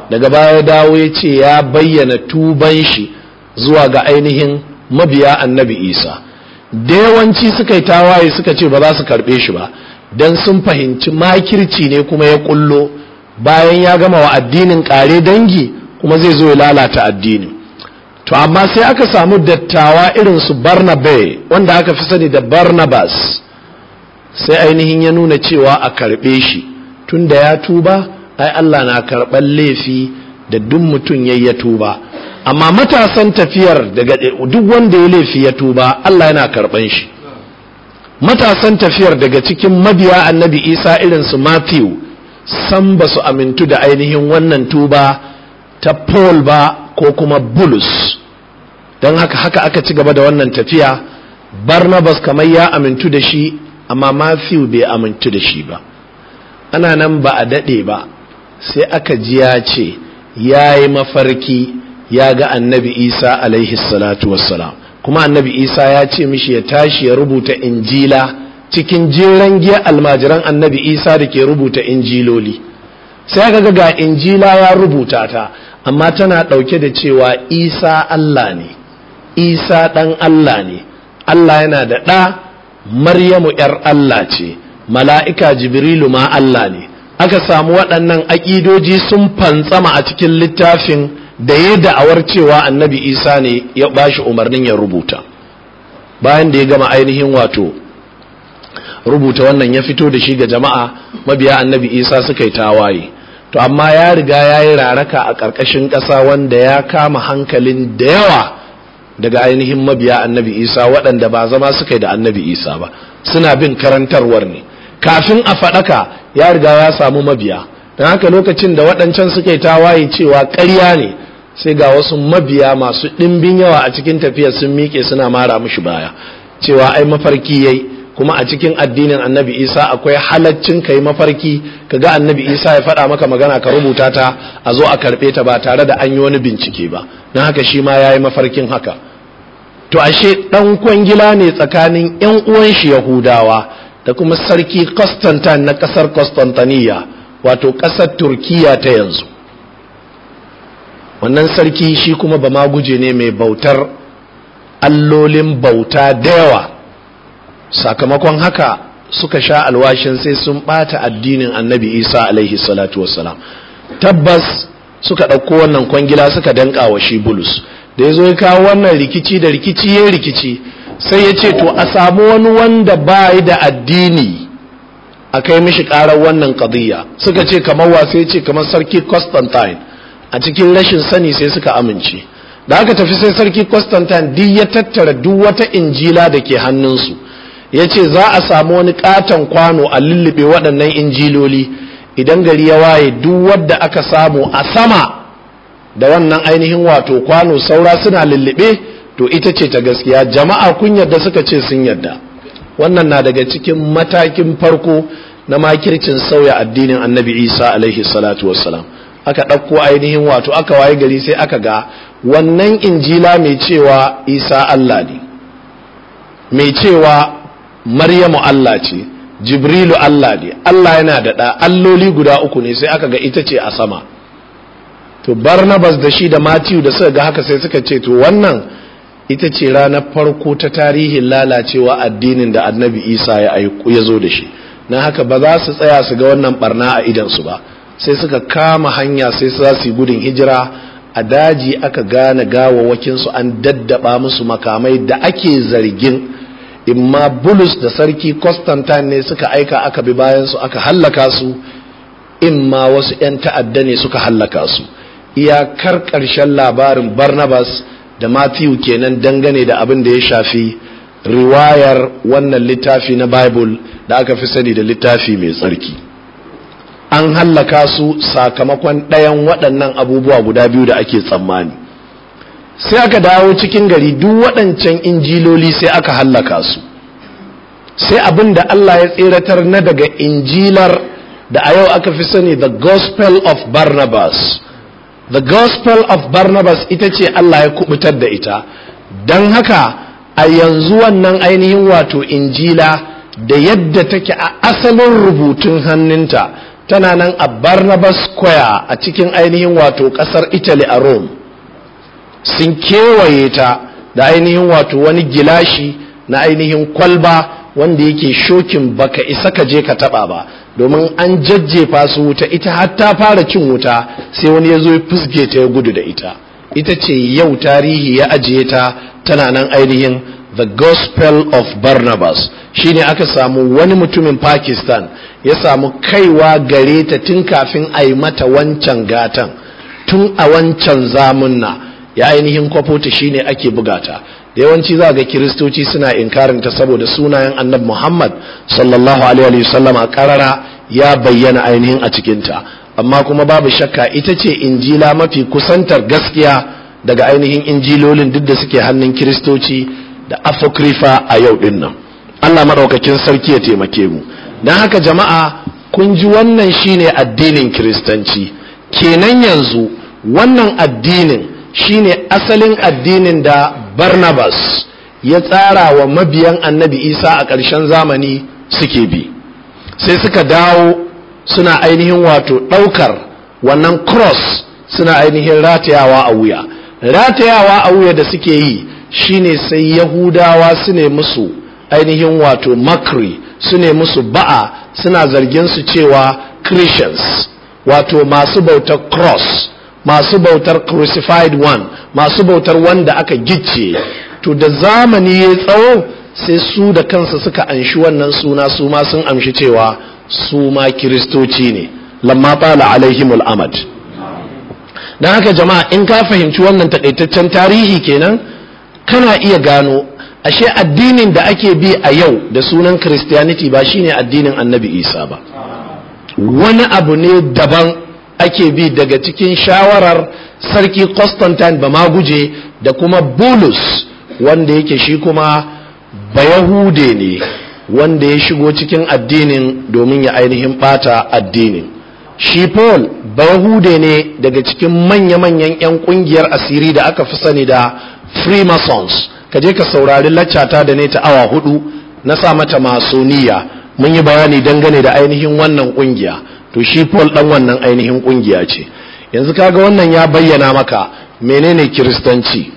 daga baya dawo ya ce ya bayyana tuban shi zuwa ga ainihin mabiya annabi isa da yawanci suka yi tawaye suka ce ba za su karbe shi ba don sun fahimci makirci ne kuma ya kullo bayan ya gama wa addinin kare dangi kuma zai zo ya lalata addinin to amma sai aka samu dattawa irin su barnabe wanda aka fi sani da barnabas sai ainihin ya nuna cewa a karbe shi tun da ya tuba ai allah na karɓar laifi da duk mutum ya tuba amma matasan tafiyar daga duk wanda ya laifi ya tuba Allah yana karɓan shi matasan tafiyar daga cikin mabiya annabi isa irin su matthew san ba su amintu da ainihin wannan tuba ta paul ba ko kuma bulus don haka haka aka ci gaba da wannan tafiya barnabas kamar ya amintu da shi amma matthew bai amintu da shi ba ana nan ba a daɗe ba sai aka ji ya ce ya yi mafarki ya ga annabi isa alaihi salatu wassalam kuma annabi isa ya ce mishi ya tashi ya rubuta injila cikin jeren giya almajiran annabi isa da ke rubuta injiloli sai ga ga injila ya rubuta ta amma tana ɗauke da cewa isa allah ne isa ɗan allah ne allah yana da ɗa maryamu ‘yar allah ce mala'ika jibrilu ma allah ne aka samu waɗannan aƙidoji sun fantsama a cikin littafin da ya da'awar cewa annabi isa ne ya bashi umarnin ya rubuta bayan da ya gama ainihin wato rubuta wannan ya fito da shi ga jama'a mabiya annabi isa suka yi tawaye to amma ya riga ya yi raraka a ƙarƙashin ƙasa wanda ya kama hankalin da yawa daga ainihin mabiya annabi isa waɗanda ba zama suka yi da annabi isa ba suna bin karantarwar ne kafin a faɗaka ya riga ya samu mabiya don haka lokacin da waɗancan suka yi tawaye cewa ƙarya ne sai ga wasu mabiya masu ɗimbin yawa a cikin tafiya sun miƙe suna mara mushi baya cewa ai mafarki yayi kuma a cikin addinin annabi isa akwai halaccin ka yi mafarki ka ga annabi isa ya faɗa maka magana ka rubuta ta a zo a karɓe ta ba tare da an yi wani bincike ba na haka shi ma ya yi mafarkin haka to ashe ɗan kwangila ne tsakanin yan uwan shi yahudawa da kuma sarki constantine na ƙasar constantiniya wato ƙasar turkiya ta yanzu wannan sarki shi kuma ba ma guje ne mai bautar allolin bauta da yawa sakamakon haka suka sha alwashin sai sun bata addinin annabi isa alaihi salatu wassalam tabbas suka ɗauko wannan kwangila suka danka wa shi bulus da ya zo ya kawo wannan rikici da rikici ya rikici sai ya ce to a samu wani wanda ba da addini a kai mishi ƙarar wannan ƙadiyya suka ce kamar wasu ya ce kamar sarki constantine a cikin rashin sani sai suka amince da aka tafi sai sarki constantine duk ya tattara duk wata injila da ke hannunsu ya ce za a samu wani katon kwano a lullube waɗannan injiloli idan gari ya waye duk wadda aka samu a sama da wannan ainihin wato kwano saura suna lullube to ita ce ta gaskiya jama'a kun yadda suka ce sun yadda wannan na daga cikin matakin farko na makircin sauya addinin annabi isa alaihi salatu wassalam aka ɗauko ainihin wato aka waye gari sai aka ga wannan injila mai cewa isa allah ne mai cewa maryamu allah ce jibrilu allah ne allah yana da ɗa alloli guda uku ne sai aka ga ita ce a sama to barnabas da shi da matiyu da suka ga haka sai suka ce to wannan ita ce ranar farko ta tarihin lalacewa addinin da annabi isa ya zo da shi na haka ba za su tsaya su ga wannan barna a idansu ba sai suka kama hanya sai su za yi gudun hijira a daji aka gane gawawakinsu an daddaba musu makamai da ake zargin imma bulus da sarki constantine ne suka aika aka bi bayan su aka hallaka su imma wasu 'yan ta'adda ne suka hallaka su iyakar karshen labarin barnabas da matthew kenan dangane da abin da ya shafi riwayar wannan littafi na bible da aka fi sani da littafi mai tsarki an hallaka su sakamakon ɗayan waɗannan abubuwa guda biyu da ake tsammani sai aka dawo cikin gari duk waɗancan injiloli sai aka hallaka su sai abin da Allah ya tseratar na daga injilar da a yau aka fi sani the gospel of barnabas the gospel of barnabas ita ce Allah ya kubutar da ita don haka a yanzu wannan ainihin wato injila da yadda take a asalin rubutun hannunta tana nan a barnabas square a cikin ainihin wato kasar italy a rome sun kewaye ta da ainihin wato wani gilashi na ainihin kwalba wanda yake shokin baka isa ka je ka taba ba domin an jajjefa su wuta ita har ta fara cin wuta sai wani ya zo ya fusge ta ya gudu da ita ita ce yau tarihi ya ajiye ta tana nan ainihin the gospel of barnabas shine aka samu wani mutumin pakistan ya samu kaiwa gare ta tun kafin a yi mata wancan gatan tun a wancan zamunna ya ainihin kwafota shine ake bugata da yawanci za ga kiristoci suna inkarinta saboda sunayen annabi muhammad sallallahu alaihi a karara ya bayyana ainihin a cikinta amma kuma babu shakka ita ce injila mafi kusantar gaskiya daga ainihin injilolin duk da suke hannun kiristoci da afokrifa a yau din nan Allah madaukakin sarki ya taimake mu don haka jama'a kun ji wannan shine addinin kiristanci kenan yanzu wannan addinin shine asalin addinin da barnabas ya tsara wa mabiyan annabi isa a ƙarshen zamani suke bi sai suka dawo suna ainihin wato ɗaukar wannan cross suna ainihin ratayawa a wuya ratayawa a wuya da suke yi shine sai yahudawa su ne musu ainihin wato makri su ne musu ba'a suna zargin su cewa christians wato masu bautar cross masu bautar crucified one masu bautar wanda aka gicce to da zamani ya tsawo sai su da kansa suka anshi wannan suna su ma sun amshi cewa su ma kiristoci ne lamma bala alaihimul amad don haka jama'a in ka fahimci wannan takaitaccen tarihi kenan kana iya gano ashe addinin da ake bi a yau da sunan christianity ba shine addinin annabi isa ba wani abu ne daban ake bi daga cikin shawarar sarki constantine ba maguje da kuma bulus wanda yake shi kuma bayahude ne wanda ya shigo cikin addinin domin ya ainihin bata addinin shi paul bayahude ne daga cikin manya-manyan 'yan kungiyar asiri da aka fi sani da freemasons ka je ka saurari laccata da ne ta awa hudu na sa mata masoniya mun yi bayani dangane da ainihin wannan kungiya to shi paul dan wannan ainihin kungiya ce yanzu kaga wannan ya bayyana maka menene kiristanci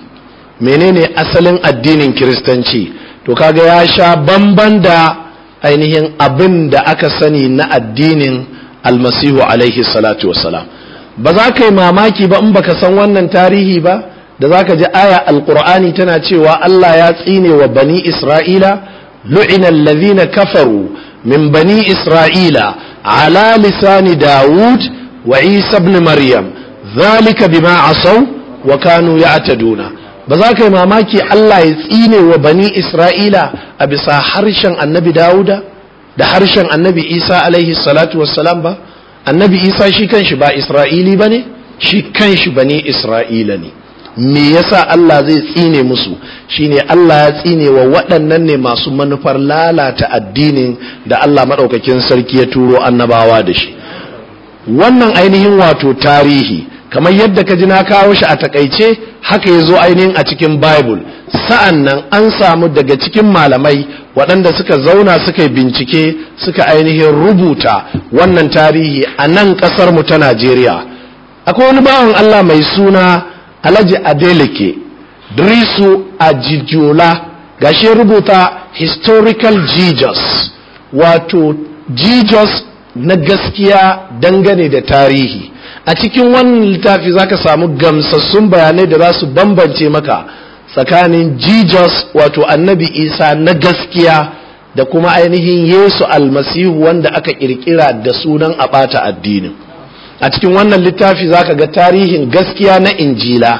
menene asalin addinin kiristanci to kaga ya sha bamban da ainihin abin da aka sani na addinin almasihu alaihi salatu wasalam ba za ka yi mamaki ba in baka san wannan tarihi ba da za ka ji aya alkur'ani tana cewa Allah ya tsine wa bani isra'ila lu'ina allazina kafaru min bani isra'ila ala lisani Dawud wa isa ibn maryam zalika bima asaw wa kanu ya'taduna ba za ka yi mamaki Allah ya tsine wa bani isra'ila a bisa harshen annabi dawuda da harshen annabi isa alaihi salatu wassalam ba annabi isa shi kanshi ba isra'ili ba ne shi kanshi bani isra'ila ne me yasa Allah zai tsine musu shine Allah ya tsine wa waɗannan ne masu manufar lalata addinin da Allah maɗaukakin sarki ya turo annabawa da shi wannan ainihin wato tarihi kamar yadda ka ji na kawo shi a takaice haka ya zo ainihin a cikin bible sa'an nan an samu daga cikin malamai waɗanda suka zauna suka yi bincike suka ainihin rubuta wannan tarihi a nan ƙasarmu ta najeriya akwai wani bawan allah mai suna alhaji adeleke drisu ajijola gashi rubuta historical jesus wato jesus na gaskiya dangane da tarihi a cikin wannan littafi zaka samu gamsassun bayanai da za su bambance maka tsakanin jesus wato annabi isa na gaskiya da kuma ainihin yesu almasihu wanda aka kirkira da sunan a ɓata addinin a cikin wannan littafi zaka ga tarihin gaskiya na injila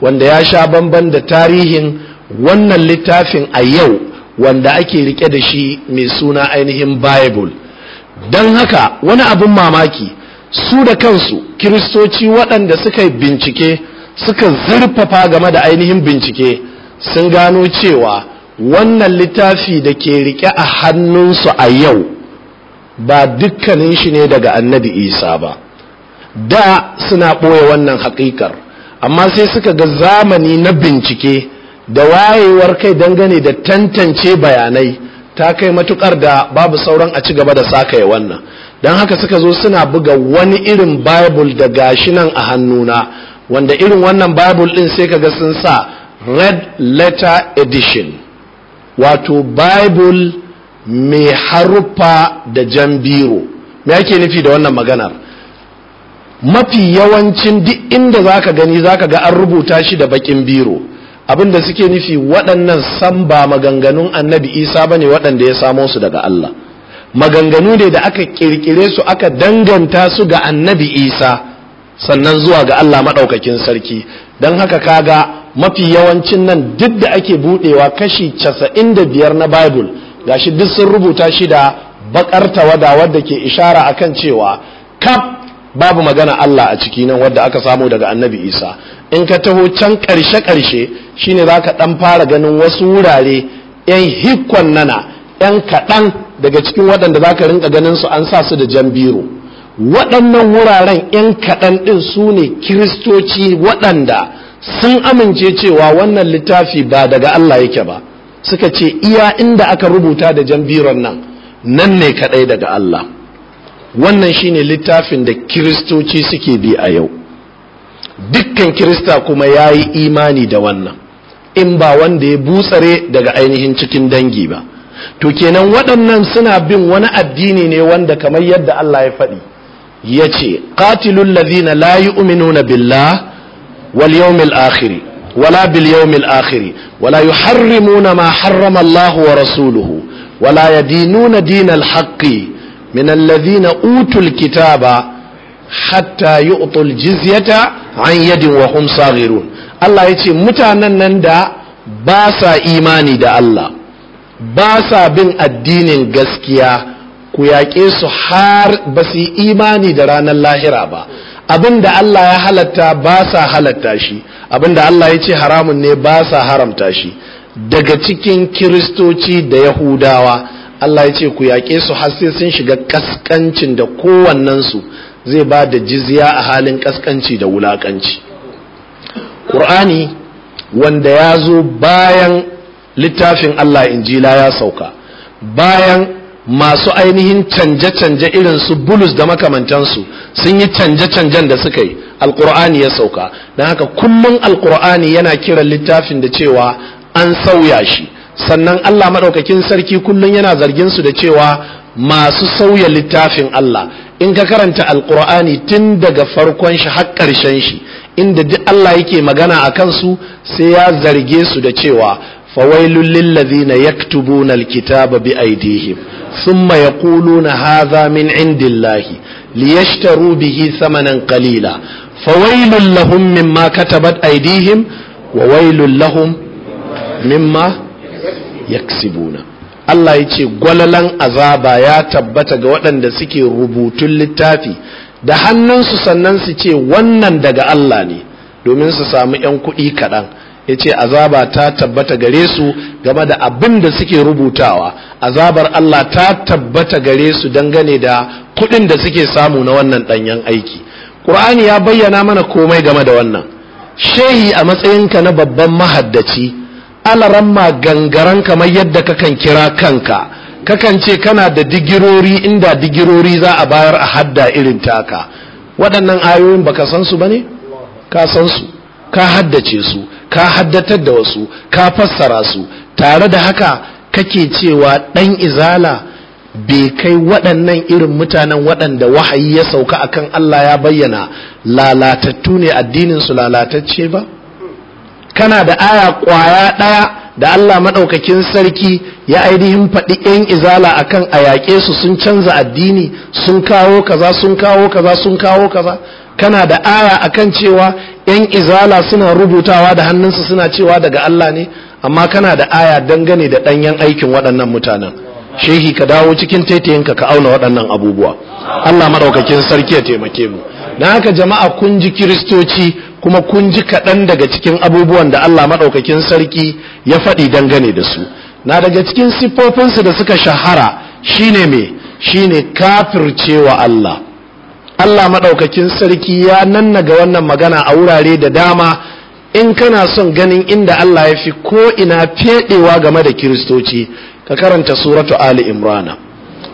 wanda ya sha bamban da tarihin wannan littafin a yau wanda ake rike da shi mai suna ainihin bible don haka wani abin mamaki su da kansu kiristoci waɗanda suka yi bincike suka zurfafa game da ainihin bincike sun gano cewa wannan littafi da ke rike a hannunsu a yau ba dukkanin shi ne daga annabi isa ba da suna ɓoye wannan haƙiƙar amma sai suka ga zamani na bincike da wayewar kai dangane da tantance bayanai ta kai matukar da babu sauran a ci gaba da sakaye wannan don haka suka zo suna buga wani irin bible da gashi nan a hannuna wanda irin wannan bible din sai kaga sun sa red letter edition wato bible mai haruffa da jan biro me ake nufi da wannan maganar mafi yawancin duk inda za ka gani za ka ga an rubuta shi da bakin biro abinda suke nufi waɗannan san ba maganganun annabi isa ba ne waɗanda ya samo su daga Allah maganganu ne da aka ƙirƙire su aka danganta su ga annabi isa sannan zuwa ga Allah maɗaukakin sarki don haka kaga mafi yawancin nan duk da ake buɗewa kashi casa'in da biyar na bible gashi duk sun rubuta shi da bakar tawada wadda ke ishara akan cewa kaf babu magana Allah a ciki nan wadda aka samu daga annabi isa in ka taho can karshe-karshe karshe shine za ka ɗan fara ganin wasu wurare 'yan hikon nana 'yan kaɗan daga cikin waɗanda za ka rinka ganin su an sa su da jan biro waɗannan wuraren 'yan kaɗan ɗin su ne kiristoci waɗanda sun amince cewa wannan littafi ba daga Allah yake ba suka ce iya inda aka rubuta da jan biron nan nan ne kaɗai daga Allah wannan shine littafin da kiristoci suke bi a yau dukkan kirista kuma ya yi imani da wannan in ba wanda ya butsare daga ainihin cikin dangi ba to kenan waɗannan suna bin wani addini ne wanda kamar yadda Allah ya faɗi ya ce ƙatilun ladhina la yu'minuna billah wal yawmil akhiri. wala bil yawmil akhir wala yuharrimuna ma harrama Allah wa rasuluhu wala yadinuna dinal haqqi min allazina utul kitaba hatta yu'tul jizyata an yadin wa hum saghirun Allah yace mutanen nan da ba sa imani da Allah ba sa bin addinin gaskiya ku yaƙe su har ba su imani da ranar lahira ba abin da Allah ya halatta ba sa halatta shi abin da Allah ya ce haramun ne ba sa haramta shi daga cikin kiristoci da yahudawa Allah ya ce ku yaƙe su har sai sun shiga kaskancin da kowannensu zai ba da jizya a halin kaskanci da wulaƙanci. ƙur'ani wanda ya zo bayan littafin Allah injila ya sauka bayan masu ainihin canje-canje irin su bulus da makamantansu sun yi canje-canjen da suka yi alƙur'ani ya sauka don haka kullum alƙur'ani yana kiran littafin da cewa an sauya shi sannan Allah maɗaukakin sarki kullum yana zargin su da cewa masu sauya littafin Allah in ka karanta alkur'ani tun daga farkon shi har ƙarshen shi inda duk Allah yake magana a kansu sai ya zarge su da cewa fawailun lillazina yaktubuna alkitaba bi aidihim thumma yaquluna hadha min indillahi liyashtaru bihi thamanan qalila fawailun lahum mimma katabat aidihim wa wailun lahum mimma yaksibuna Allah ya ce gwalalan azaba ya tabbata ga waɗanda suke rubutun littafi da hannunsu sannan su ce wannan daga Allah ne domin su samu 'yan kuɗi kaɗan ya ce azaba ta tabbata gare su game da abin da suke rubutawa azabar Allah ta tabbata gare su dangane da kuɗin da suke samu na wannan ɗanyen aiki ƙur'ani ya bayyana mana komai game da wannan shehi a matsayinka na babban mahaddaci alaramma gangaran kamar yadda kakan kira kanka kakan ce kana da digirori inda digirori za a bayar a hadda irin taka waɗannan ayoyin baka san su bane ka san su ka haddace su ka haddatar da wasu ka fassara su tare da haka kake cewa ɗan izala bai kai waɗannan irin mutanen waɗanda wahayi ya sauka akan Allah ya bayyana lalatattu ne addinin su lalatacce ba? kana da aya kwaya ɗaya da Allah maɗaukakin sarki ya ainihin faɗi 'yan izala akan a yaƙe su sun canza addini sun kawo kaza sun kawo kaza sun kawo kaza kana da aya akan cewa 'yan izala suna rubutawa da hannunsu suna cewa daga Allah ne amma kana da aya dangane da ɗanyen aikin waɗannan mutanen shehi ka dawo cikin taitayinka ka auna waɗannan abubuwa Allah maɗaukakin sarki ya taimake mu Na haka jama'a kun ji kiristoci kuma kun ji kaɗan daga cikin abubuwan da Allah maɗaukakin sarki ya faɗi dangane da su na daga cikin siffofinsu da suka shahara shine me shine kafircewa Allah Allah maɗaukakin sarki ya ga wannan magana a wurare da dama in kana son ganin inda Allah ya fi ko ina fedewa game da kiristoci ka karanta suratu ali imrana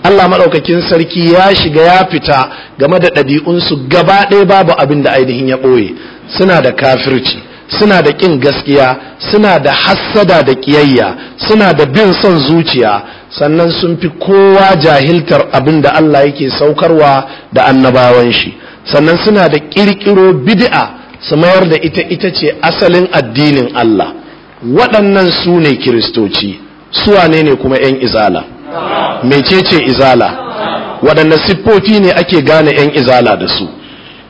Allah maɗaukakin sarki ya shiga ya fita game da ɗabi'unsu gaba ɗaya babu abin da ainihin ya ɓoye suna da kafirci suna da ƙin gaskiya suna da hassada da ƙiyayya suna da bin son zuciya sannan sun fi kowa jahiltar abin da Allah yake saukarwa da annabawan shi sannan suna da ƙirƙiro bid'a su mayar da ita ita ce asalin addinin Allah waɗannan su ne kiristoci wane ne kuma 'yan izala mecece izala waɗanne siffofi ne ake gane 'yan izala da su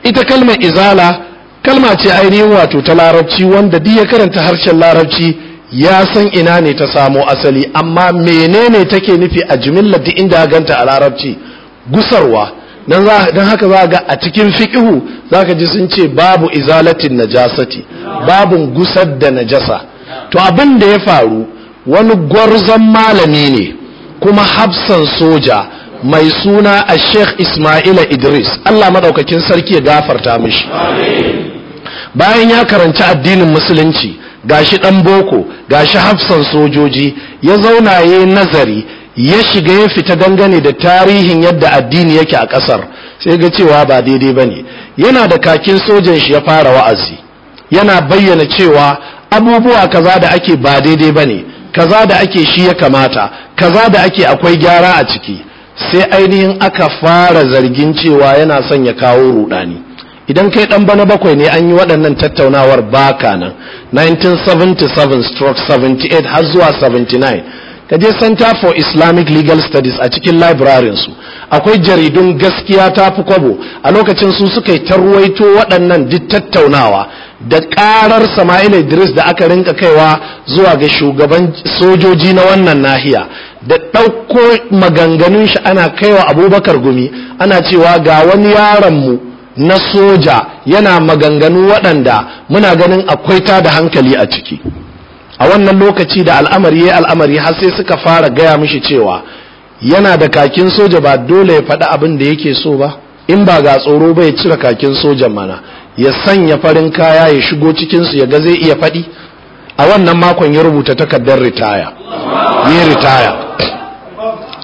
ita kalmar izala kalma ce ainihin wato ta larabci wanda duk ya karanta harshen larabci ya san ina ne ta samo asali amma menene take nufi a jimillar da inda ganta a larabci gusarwa don haka za ga a cikin fiƙihu za ka ji sun ce babu izalatin najasati babun gusar da najasa to abin da ya faru wani gwarzon malami ne kuma hafsan soja mai suna a sheikh ismaila idris allah maɗaukakin sarki ya gafarta mishi bayan ya karanci addinin musulunci gashi ɗan boko gashi hafsan sojoji ya zauna ya yi nazari ya shiga ya fita dangane da tarihin yadda addini yake a ƙasar sai ga cewa ba daidai ba ne yana da kakin sojan shi ya fara wa'azi yana bayyana cewa abubuwa kaza da ake ba daidai ba ne kaza da ake shi ya kamata kaza da ake akwai gyara a ciki sai ainihin aka fara zargin cewa yana son ya kawo rudani idan kai dan bana bakwai ne an yi waɗannan tattaunawar baka nan 1977 stroke 78 har zuwa 79 ka je center for islamic legal studies a cikin su akwai jaridun gaskiya ta fi kwabo a lokacin su suka yi tarwaito waɗannan duk tattaunawa da ƙarar sama'il idris da aka rinka kaiwa zuwa ga shugaban sojoji na wannan nahiya da ɗauko maganganun shi ana kaiwa abubakar gumi ana cewa ga wani yaronmu na soja yana maganganu waɗanda muna ganin akwai ta da hankali a ciki a wannan lokaci da al'amari ya al'amari har sai suka fara gaya mishi cewa yana da kakin soja ba dole ya faɗi abin da yake so ba in ba ga tsoro ba ya cire kakin sojan mana ya sanya farin kaya ya shigo cikinsu ya ga zai iya faɗi a wannan makon ya rubuta takardar ritaya ya ritaya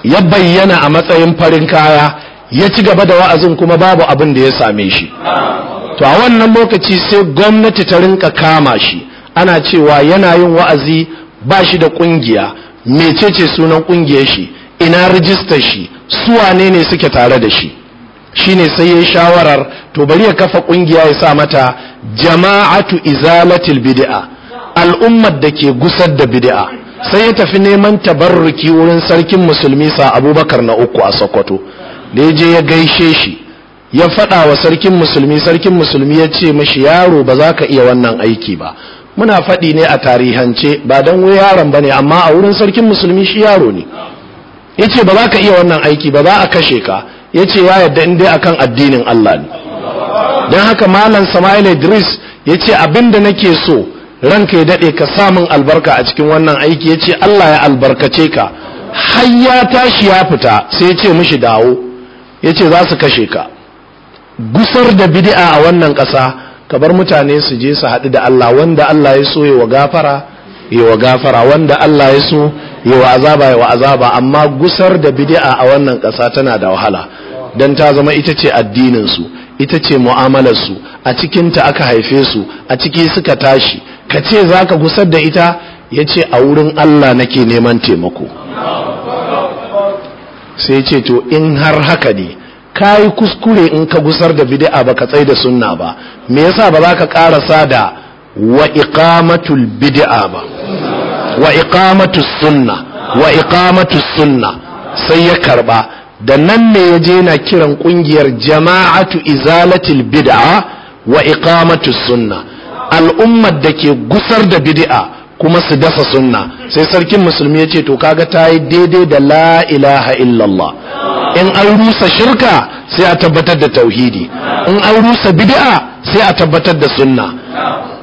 ya bayyana a matsayin farin kaya ya ci gaba da wa'azin kuma babu abin da ya same shi to a wannan lokaci sai gwamnati ta rinka kama shi ana cewa yana yin wa'azi ba shi da kungiya mecece sunan kungiyar shi ina rijistar shi su wane ne suke tare da shi shine sai ya shawarar to bari ya kafa kungiya ya sa mata jama'atu izalatil bid'a al'ummar da ke gusar da bid'a sai ya tafi neman tabarruki wurin sarkin musulmi sa abubakar na uku a sokoto da ya je ya gaishe shi ya faɗa wa sarkin musulmi sarkin musulmi ya ce mashi yaro ba za ka iya wannan aiki ba muna faɗi ne a tarihance ba don wai yaron ba ne amma a wurin sarkin musulmi shi yaro ne ya ce ba za ka iya wannan aiki ba za a kashe ka ya ce ya yadda in dai akan addinin Allah ne don haka malam sama'il idris ya ce abin da nake so ranka ya daɗe ka samun albarka a cikin wannan aiki ya ce Allah ya albarkace ka har ta shi ya fita sai ya ce mishi dawo ya ce za su kashe ka gusar da bid'a a wannan ƙasa ka bar mutane su je su haɗu da Allah wanda Allah ya so ya wa gafara ya wa gafara wanda Allah ya so ya wa azaba ya wa azaba amma gusar da bid'a a wannan ƙasa tana da wahala Don ta zama ita ce addinin su ita ce mu'amalar su a cikinta aka haife su a ciki suka tashi ka ce zaka gusar da ita ya ce a wurin Allah nake neman taimako sai ce to in har haka ne ka yi kuskure in ka gusar da bid'a ba ka tsai da sunna ba me yasa ba za ka karasa da wa iqamatul bid'a ba wa iqamatus sunna wa iqamatus sunna sai ya karba da nan ne ya je na kiran kungiyar jama'atu izalatil bid'a wa iqamatus sunna al'ummar da ke gusar da bid'a kuma su dasa sunna sai sarkin musulmi ya ce to kaga ta yi daidai da la ilaha illallah in an rusa shirka sai a tabbatar da tauhidi in an rusa bid'a sai a tabbatar da sunna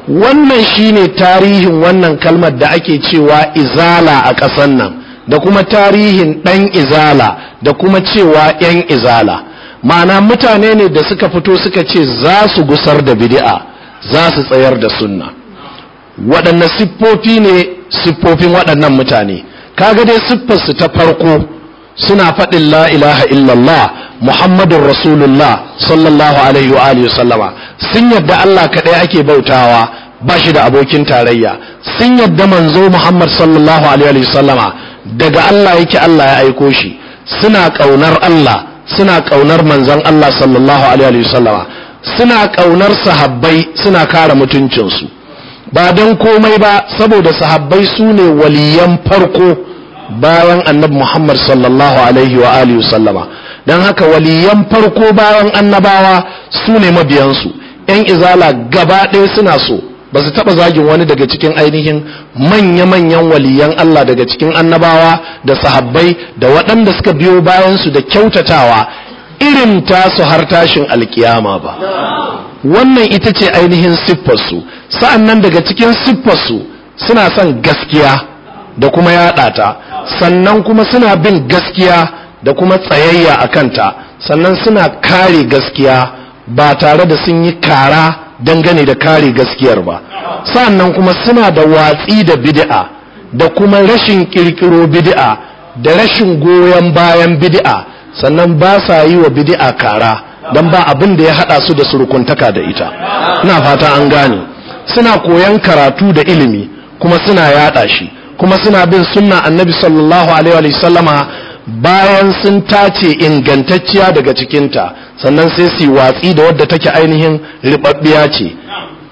wannan shine tarihin wannan kalmar da ake cewa izala a ƙasar nan da kuma tarihin ɗan izala da kuma cewa 'yan izala ma'ana mutane ne da suka fito suka ce za su gusar da bid'a za su tsayar da sunna waɗanne siffofi ne siffofin waɗannan mutane kaga dai siffarsu ta farko suna faɗin la ilaha illallah muhammadun rasulullah sallallahu alaihi wa alihi sallama sun yadda Allah kaɗai ake bautawa ba shi da abokin tarayya sun yadda manzo muhammad sallallahu alaihi sallama daga Allah yake Allah ya aiko shi suna ƙaunar Allah suna ƙaunar manzon Allah sallallahu alaihi sallama suna ƙaunar sahabbai suna kare mutuncinsu ba don komai ba saboda sahabbai su ne waliyan farko bayan annabi Muhammad sallallahu alaihi wa alihi sallama dan haka waliyan farko bayan annabawa su ne mabiyansu yan izala gaba ɗaya suna so ba su taɓa zagin wani daga cikin ainihin manya-manyan waliyan Allah daga cikin annabawa da sahabbai da waɗanda suka biyo bayansu da kyautatawa irin tasu har tashin alkiyama ba wannan ita ce ainihin siffarsu sa'an nan daga cikin siffarsu suna son gaskiya da kuma yaɗata. sannan kuma suna bin gaskiya da kuma tsayayya a kanta sannan suna kare gaskiya ba tare da sun yi kara dangane da kare gaskiyar ba sannan kuma suna da watsi da bid'a da kuma rashin kirkiro bid'a da rashin goyon bayan bid'a sannan ba sa yi wa bid'a kara don ba abin da ya hada su da surukuntaka da ita ina fata an gane suna koyan karatu da ilimi kuma suna yada shi kuma suna bin sunna annabi sallallahu alaihi sallama bayan sun tace ingantacciya daga cikinta sannan sai su watsi da wadda take ainihin ribabbiya ce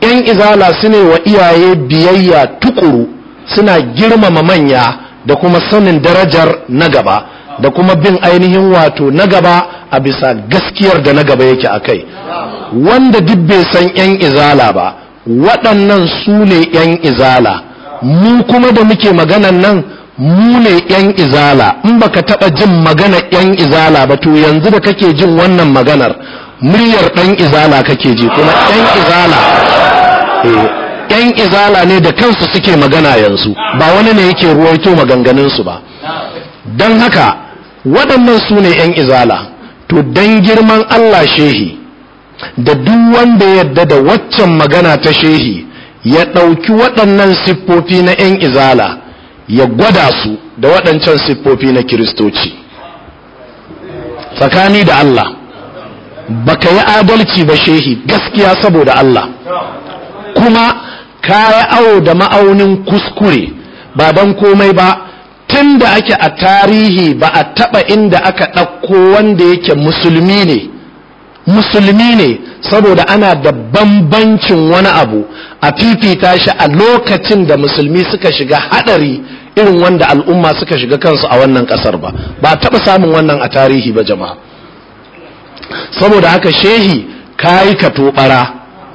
yan izala su ne wa iyaye biyayya tukuru suna girmama manya da kuma sanin darajar na gaba da kuma bin ainihin wato na gaba a bisa gaskiyar da na gaba yake a kai wanda duk bai san yan izala ba waɗannan su ne yan izala mu kuma da muke maganan nan mu ne yan izala in baka taba jin magana yan izala ba to yanzu da kake jin wannan maganar muryar dan izala kake ji kuma yan izala yan eh, izala ne da kansu suke magana yanzu ba wani ne yake ruwaito maganganun su ba dan haka waɗannan su ne yan izala to dan girman Allah shehi da duk wanda yadda da waccan magana ta shehi ya ɗauki waɗannan siffofi na 'yan izala ya gwada su da waɗancan siffofi na kiristoci tsakani da Allah ba ka yi adalci ba shehi gaskiya saboda Allah kuma ka yi awo da ma'aunin kuskure ba don komai ba tun da ake a tarihi ba a taɓa inda aka ɗauko wanda yake musulmi ne musulmi ne saboda ana da bambancin wani abu a fifita shi a lokacin da musulmi suka shiga hadari irin wanda al'umma suka shiga kansu a wannan kasar ba ba taba samun wannan a tarihi ba jama'a saboda haka shehi kayi ka tobara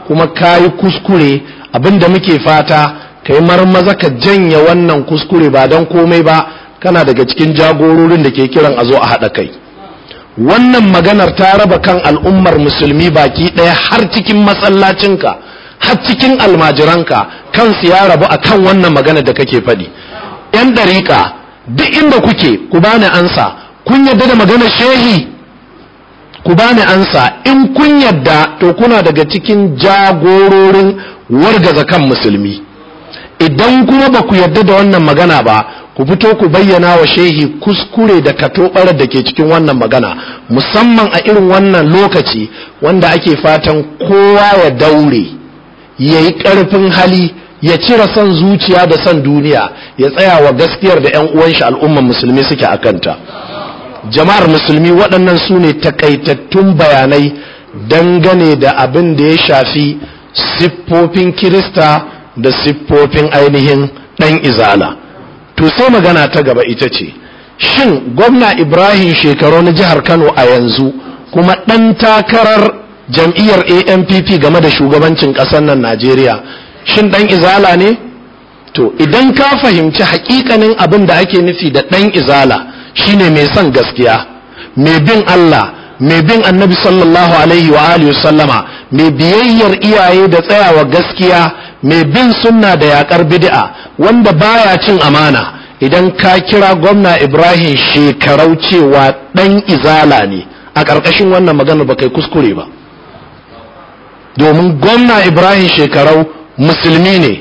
kuma kayi kuskure abinda muke fata kai marmaza ka janye wannan kuskure ba don komai ba kana daga cikin jagororin da ke kiran a zo a haɗa kai wannan maganar ta raba kan al'ummar musulmi baki ɗaya har cikin masallacinka har cikin almajiranka kansu ya rabu a kan wannan magana da kake faɗi yan ɗariƙa duk inda kuke ku bani ansa kun yadda da maganar shehi ku bani ansa in kun yadda to kuna daga cikin jagororin wargaza kan musulmi idan kuma ba ku yadda da wannan magana ba ku fito ku bayyana wa shehi kuskure da katobarar da ke cikin wannan magana musamman a irin wannan lokaci wanda ake fatan kowa ya daure ya yi ƙarfin hali ya cire son zuciya da son duniya ya tsaya wa gaskiyar da 'yan uwanshi al'umman musulmi suke a kanta jama'ar musulmi waɗannan su ne takaitattun bayanai dangane da abin da ya shafi siffofin kirista da siffofin ainihin ɗan izala to sai magana ta gaba ita ce shin gwamna ibrahim shekaru na jihar kano a yanzu kuma ɗan takarar jam'iyyar ampp game da shugabancin ƙasar nan najeriya shin ɗan izala ne to idan ka fahimci hakikanin abin da ake nufi da ɗan izala shine mai son gaskiya mai bin allah mai bin annabi sallallahu alaihi wa alihi sallama mai biyayyar iyaye da tsayawa gaskiya mai bin sunna da yakar bid'a wanda baya cin amana idan ka kira gwamna ibrahim shekarau cewa dan izala ne a ƙarƙashin wannan magana ba kai kuskure ba domin gwamna ibrahim shekarau musulmi ne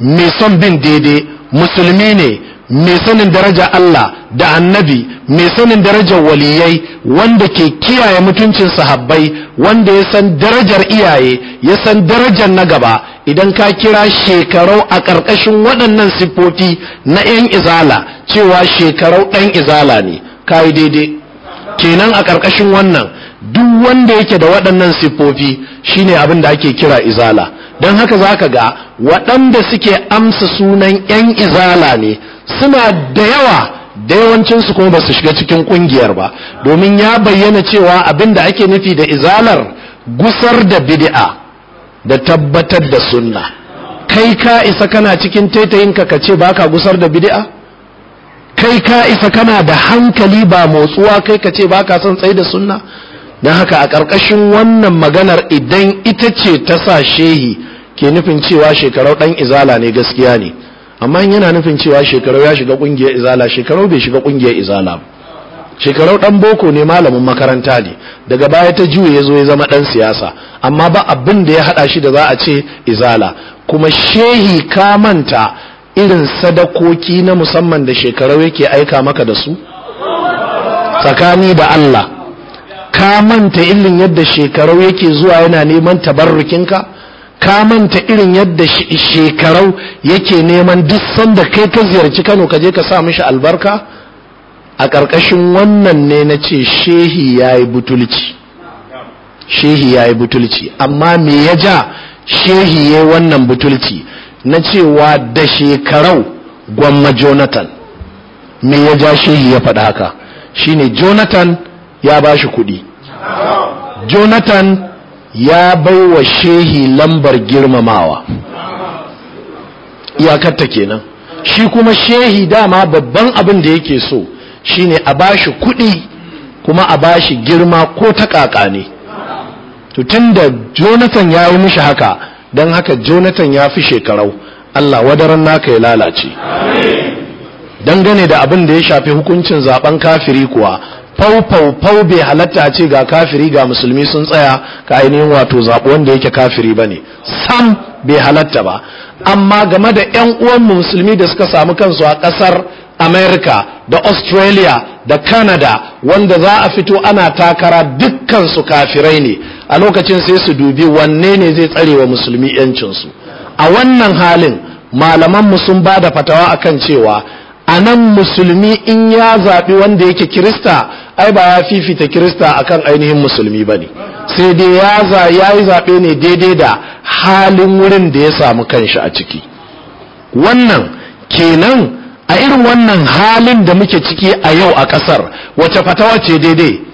mai son bin daidai musulmi ne mai sanin daraja Allah da annabi mai sanin darajar waliyai wanda ke kiyaye mutuncin sahabbai wanda ya san darajar iyaye ya san darajar na gaba idan ka kira shekarau a ƙarƙashin waɗannan siffofi na 'yan izala cewa shekarau ɗan izala ne ka yi daidai kenan a ƙarƙashin wannan duk wanda yake da waɗannan siffofi shine abin da ake kira izala don haka za ka ga waɗanda suke amsa sunan 'yan izala ne suna da yawa da yawancinsu kuma ba su shiga cikin kungiyar ba domin ya bayyana cewa abin da ake nufi da izalar gusar da bid'a da tabbatar da sunna kai ka isa kana cikin taitayinka ka ce baka gusar da bid'a kai ka isa kana da hankali ba motsuwa kai ka ce baka son tsaye da sunna don haka a ƙarƙashin wannan maganar idan ita ce ta sa shehi ke nufin cewa shekarau ɗan izala ne gaskiya ne amma yana nufin cewa shekarau ya shiga kungiyar izala shekarau bai shiga kungiyar izala shekarau dan boko ne malamin makaranta ne daga baya ta juye ya zo ya zama dan siyasa amma ba abin da ya hada shi da za a ce izala kuma shehi ka manta irin sadakoki na musamman da shekarau yake aika maka da su tsakani da Allah ka manta illin yadda shekarau yake zuwa yana neman tabarrukinka ka manta irin yadda shekarau yake neman duk sanda kai ka ziyarci kano ka je ka sa mishi albarka a ƙarƙashin wannan ne na ce shehi ya yi butulci shehi ya yi butulci amma me ya ja shehi ya wannan butulci na cewa da shekarau gwamma jonathan me ya ja shehi ya faɗa haka shine jonathan ya ba shi kuɗi jonathan ya bai wa shehi lambar girmamawa iyakarta kenan shi kuma shehi dama babban abin da yake so shine a bashi kuɗi kuma a bashi girma ko ta ƙaƙa ne tun da jonathan ya yi mishi haka don haka jonathan ya fi shekarau allah wadaran naka ya lalace dangane da abin da ya shafi hukuncin zaben kafiri kuwa faufau bai halatta a ce ga kafiri ga musulmi sun tsaya ka ainihin wato zaɓo wanda yake kafiri ba ne sam bai halatta ba amma game da 'yan uwan musulmi da suka samu kansu a ƙasar america da australia da canada wanda za a fito ana takara dukkan su kafirai ne a lokacin sai su dubi wanne ne zai tsare wa musulmi 'yancinsu a wannan halin malaman mu sun ba da fatawa akan cewa a nan musulmi in ya zaɓi wanda yake kirista ai ba ya fifita kirista akan ainihin musulmi ba ne sai dai ya za ya yi zaɓe ne daidai da halin wurin da ya samu kanshi a ciki wannan kenan a irin wannan halin da muke ciki a yau a ƙasar wace fatawa ce daidai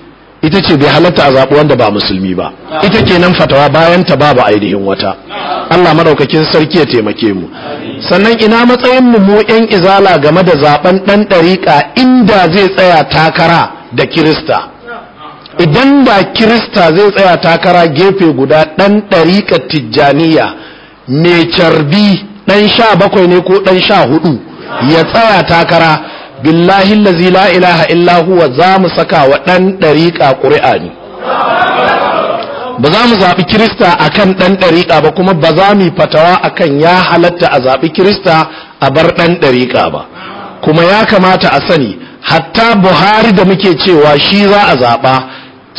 ita ce bai halatta a zaɓi wanda ba musulmi ba ita ke nan fatawa bayan ta babu ainihin wata Allah madaukakin sarki ya taimake mu sannan ina matsayin mu mu yan izala game da zaben ɗan ɗariƙa inda zai tsaya takara da kirista idan ba kirista zai tsaya takara gefe guda ɗan ɗariƙa tijjaniya mai carbi ɗan sha bakwai ne ko ɗan sha hudu ya tsaya takara billahi lazi la ilaha illa huwa za mu saka wa ɗan ɗariƙa ƙuri'a ne ba za mu zaɓi kirista akan kan ɗan ɗariƙa ba kuma ba za mu fatawa akan ya halatta a zaɓi kirista a bar ɗan ɗariƙa ba kuma ya kamata a sani hatta buhari da muke cewa shi za a zaɓa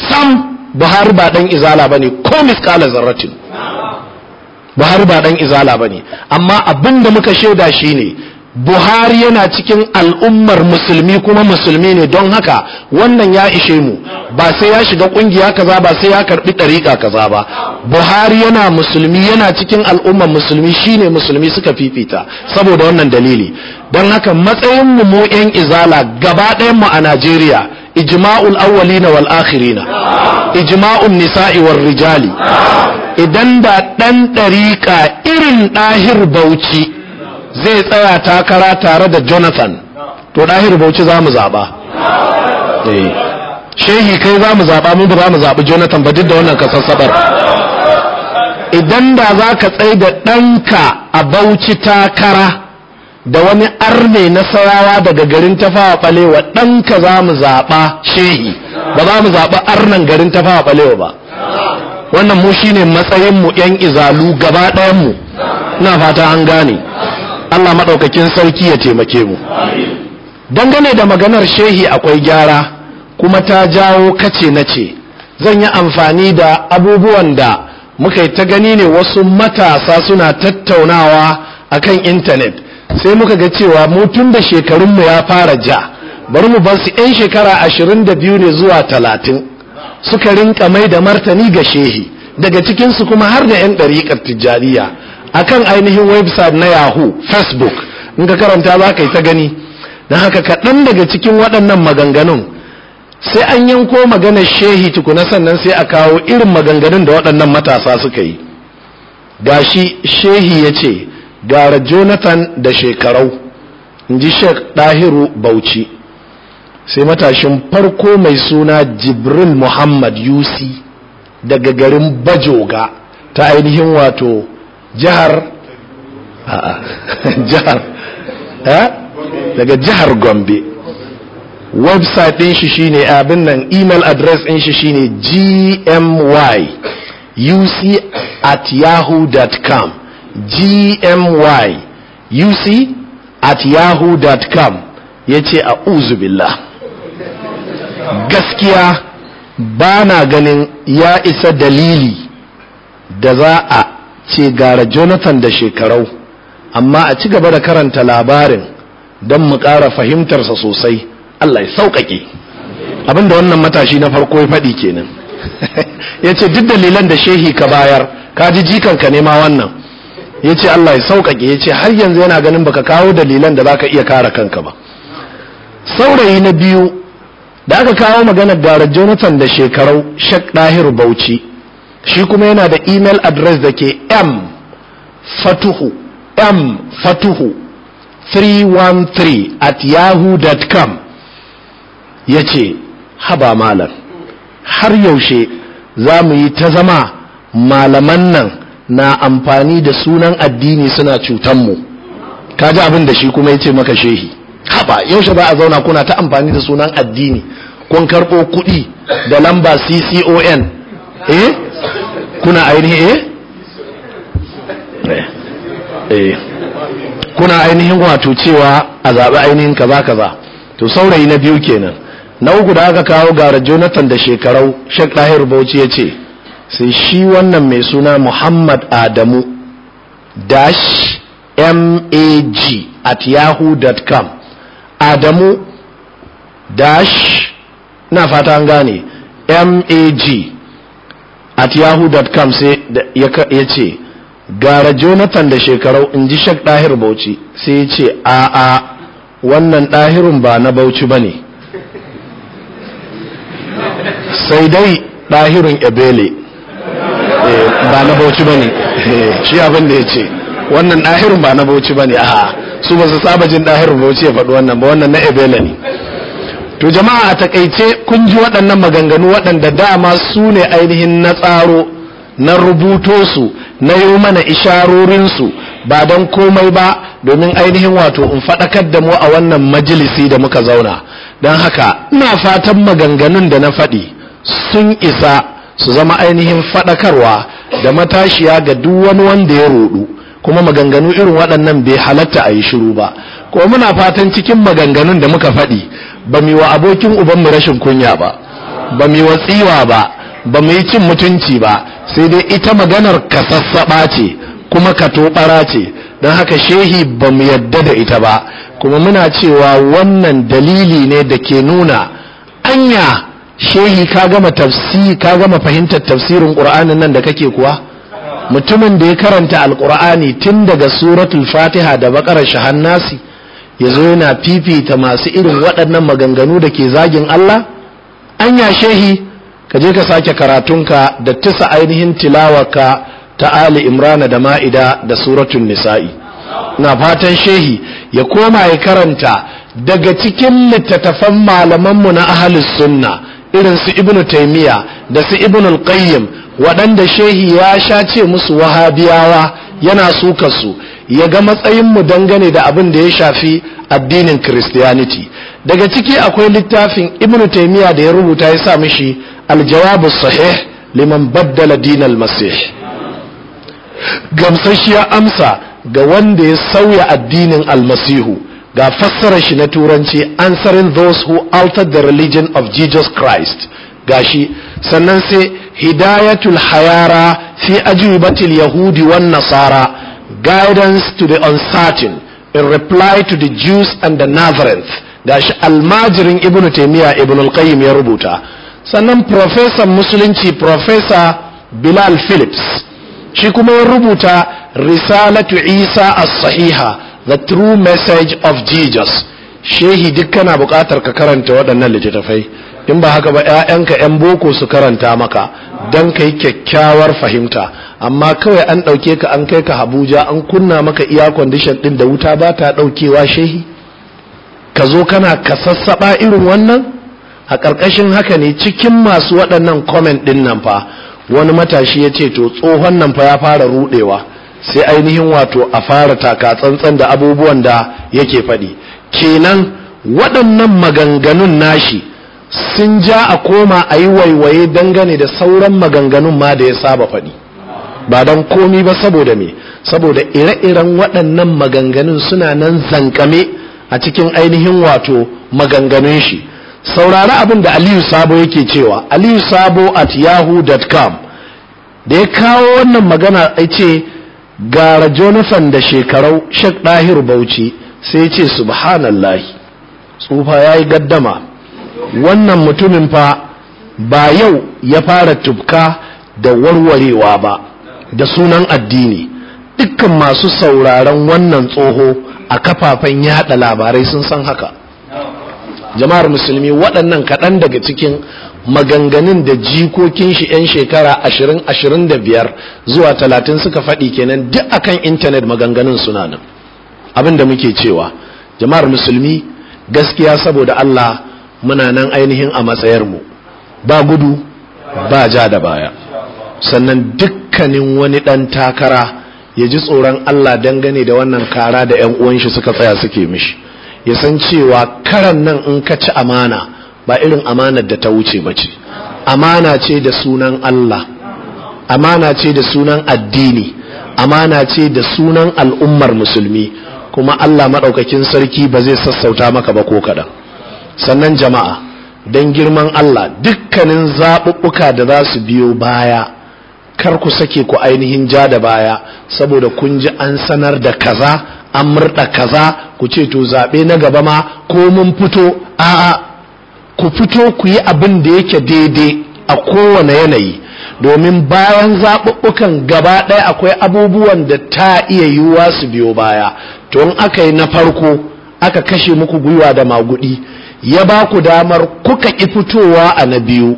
sam buhari ba ɗan izala bane. ne ko miskala zarratin buhari ba ɗan izala ba amma abin da muka shaida shi ne buhari yana cikin al'ummar musulmi kuma musulmi ne don haka wannan ya ishe mu ba sai ya shiga kungiya kaza ba sai ya karbi ɗariƙa kaza ba buhari yana musulmi yana cikin al'ummar musulmi shine musulmi suka fifita saboda wannan dalili don haka matsayin mu mu yan izala gaba ɗayan mu a najeriya ijma'ul awwalina wal akhirina ijma'un nisa'i war rijali idan da ɗan ɗariƙa irin ɗahir bauchi zai tsaya takara tare da jonathan to ɗahir bauchi za mu zaɓa eh. shehi kai za mu zaɓa mun ba mu zaɓi jonathan ba duk da wannan kasassaɓar idan da za ka tsaye da ɗanka a bauchi takara da wani arne na sarawa daga garin tafawa balewa ɗanka za mu zaɓa shehi ba za mu zaɓa arnan garin tafawa balewa ba wannan mu shine matsayinmu yan izalu gaba ɗayanmu ina fata an gane Allah maɗaukakin sarki ya taimake mu dangane da maganar shehi akwai gyara kuma ta jawo kace na ce zan yi amfani da abubuwan da muka yi ta gani ne wasu matasa suna tattaunawa akan intanet sai muka ga cewa mutum da shekarunmu ya fara ja bari mu bar su 'yan shekara ashirin da biyu ne zuwa talatin suka rinka mai da martani ga shehi daga cikinsu kuma har da 'yan ɗariƙar tijjaniya akan ainihin website na yahoo facebook in ka karanta za ka yi ta gani don haka kaɗan daga cikin waɗannan maganganun sai an yanko maganar shehi tukuna sannan sai a kawo irin maganganun da waɗannan matasa suka yi Ga shi shehi ya ce gara jonathan da shekarau in ji shek ɗahiru bauchi sai matashin farko mai suna jibril muhammad yusi daga garin bajoga ta ainihin wato jihar ah, ah. jihar daga jihar gombe website din shi shine abin nan email address din shi shine gmyuc at yahoo.com gmyuc at yahoo.com ya ce a uzubillah gaskiya ba na ganin ya isa dalili da za a ce gara jonathan da shekarau amma a ci gaba da karanta labarin don mu ƙara fahimtarsa sosai allah ya sauƙaƙe abinda wannan matashi na farko ya faɗi kenan ya ce duk dalilan da shehi ka bayar ka ji jikanka nema wannan ya ce allah ya sauƙaƙe ya ce har yanzu yana ganin baka kawo dalilan da baka iya kara kanka ba saurayi na biyu da aka kawo maganar gara jonathan da shekarau shak ɗahiru bauchi shi kuma yana da email address da ke m fatuhu m fatuhu 313 at yahoo.com ya ce haba malam har yaushe za mu yi ta zama malaman nan na amfani da sunan addini suna cutanmu ji abin da shi kuma ya ce maka shehi haba yaushe ba a zauna kuna ta amfani da sunan addini kun karɓo kuɗi da lamba ccon eh kuna ainihin eh? Eh. eh kuna ainihin wato cewa a zaɓi ainihin kaza kaza to saurayi na biyu kenan na uku da aka kawo gara jonathan da shekarau shek ɗahir bauchi ya ce sai shi wannan mai suna muhammad adamu dash mag at yahoo.com adamu dash na fata an gane mag at yahoo.com sai ya ce gara jonathan da shekarau in ji shak ɗahir bauchi sai ya ce a a wannan ɗahirin ba na bauchi ba ne sai dai ɗahirin ebele eh, ba na bauchi ba ne eh, shi abin da ya ce wannan ɗahirin ba na bauchi ba ne a su ba su saba jin ɗahirin bauchi ya faɗi wannan ba wannan na ebele ne to jama'a a takaice kun ji waɗannan maganganu waɗanda dama su ne ainihin na tsaro na rubuto su na yi mana isharorinsu ba don komai ba domin ainihin wato in faɗakar da mu a wannan majalisi da muka zauna don haka ina fatan maganganun da na faɗi sun isa su zama ainihin faɗakarwa da matashiya ga duk wani wanda ya rudu kuma maganganu irin waɗannan bai halatta a yi shiru ba ko muna fatan cikin maganganun da muka faɗi ba mu yi wa abokin ubanmu rashin kunya ba ba mu wa tsiwa ba ba mu yi cin mutunci ba sai dai ita maganar ka sassaɓa ce kuma ka tobara ce don haka shehi ba mu yadda da ita ba kuma muna cewa wannan dalili ne da ke nuna anya shehi ka gama tafsi ka gama fahimtar tafsirin qur'anin nan da kake kuwa mutumin da ya karanta alqur'ani tun daga suratul fatiha da bakarar shahannasi ya zo yana fifita masu irin waɗannan maganganu da ke zagin Allah an ya shehi ka je ka sake karatunka da tisa ainihin tilawaka ta Ali Imrana da Ma'ida da suratun Nisa'i na fatan shehi ya koma ya karanta daga cikin littattafan malaman mu na ahlus sunna irin su ibnu taimiya da su ibnu qayyim waɗanda shehi ya sha ce musu wahabiyawa yana sukar su ya ga matsayin mu dangane da abin da ya shafi addinin christianity daga ciki akwai littafin ibn taymiya da ya rubuta ya sa mishi aljawabu sahih liman baddala dinal masih ya amsa ga wanda ya sauya addinin almasihu ga fassara shi na turanci answering those who altered the religion of jesus christ gashi sannan sai hidayatul hayara fi ajubatil yahudi wan nasara guidance to the uncertain in reply to the jews and the nazarenes gashi almajirin ibnu Taymiya ibnu alqayyim ya rubuta sannan professor musulunci professor bilal phillips shi kuma ya rubuta risalatu isa as-sahiha the true message of jesus shehi duk kana buƙatar ka karanta waɗannan littattafai in ba haka ba 'ya'yanka 'yan boko su karanta maka don ka yi kyakkyawar fahimta amma kawai an ɗauke ka an kai ka habuja an kunna maka iya kwandishan ɗin da wuta ba ta ɗaukewa shehi ka zo kana ka sassaɓa irin wannan a ƙarƙashin haka ne cikin masu waɗannan comment ɗin nan fa wani matashi ya ce to tsohon nan fa ya fara ruɗewa sai ainihin wato a fara taka tsantsan da abubuwan da yake faɗi kenan waɗannan maganganun nashi sun ja a koma a yi waiwaye dangane da sauran maganganun ma da ya saba faɗi ba don komi ba saboda me saboda ire-iren waɗannan maganganun suna nan zankame a cikin ainihin wato maganganun shi saurari abin da aliyu sabo yake cewa aliyu sabo at yahoo.com da ya kawo wannan magana a ce gara jonathan da shekarau shek ɗahir bauchi sai ya ce subhanallah tsufa ya yi gaddama wannan mutumin fa ba yau ya fara tubka da warwarewa ba da sunan addini dukkan masu sauraron wannan tsoho a kafafen yada labarai sun san haka jama'ar musulmi waɗannan kaɗan daga cikin maganganun da jikokin shi 'yan shekara 20-25 zuwa 30 suka faɗi kenan duk akan intanet maganganun suna nan abin muke cewa jama'ar musulmi gaskiya saboda Allah muna nan ainihin a matsayar mu ba gudu ba ja da baya sannan dukkanin wani ɗan takara ya ji tsoron Allah dangane da wannan kara da 'yan uwanshi suka tsaya suke mishi ya san cewa karan nan in ka ci amana ba irin amanar da ta wuce ba ce amana ce da sunan Allah amana ce da sunan addini amana ce da sunan al'ummar musulmi kuma Allah maɗaukakin sarki ba zai sassauta maka ba ko kaɗan sannan jama'a don girman Allah dukkanin zaɓuɓɓuka da za su biyo baya kar ku sake ku ainihin ja da baya saboda kun ji an sanar da kaza an murɗa kaza ku ce to zaɓe na gaba ma ko mun fito a'a ku fito ku yi abin da yake daidai a kowane yanayi domin bayan zaɓuɓɓukan gaba ɗaya akwai abubuwan da ta iya yiwuwa su biyo baya to in aka yi na farko aka kashe muku gwiwa da maguɗi ya ba ku damar kuka ƙi fitowa a na biyu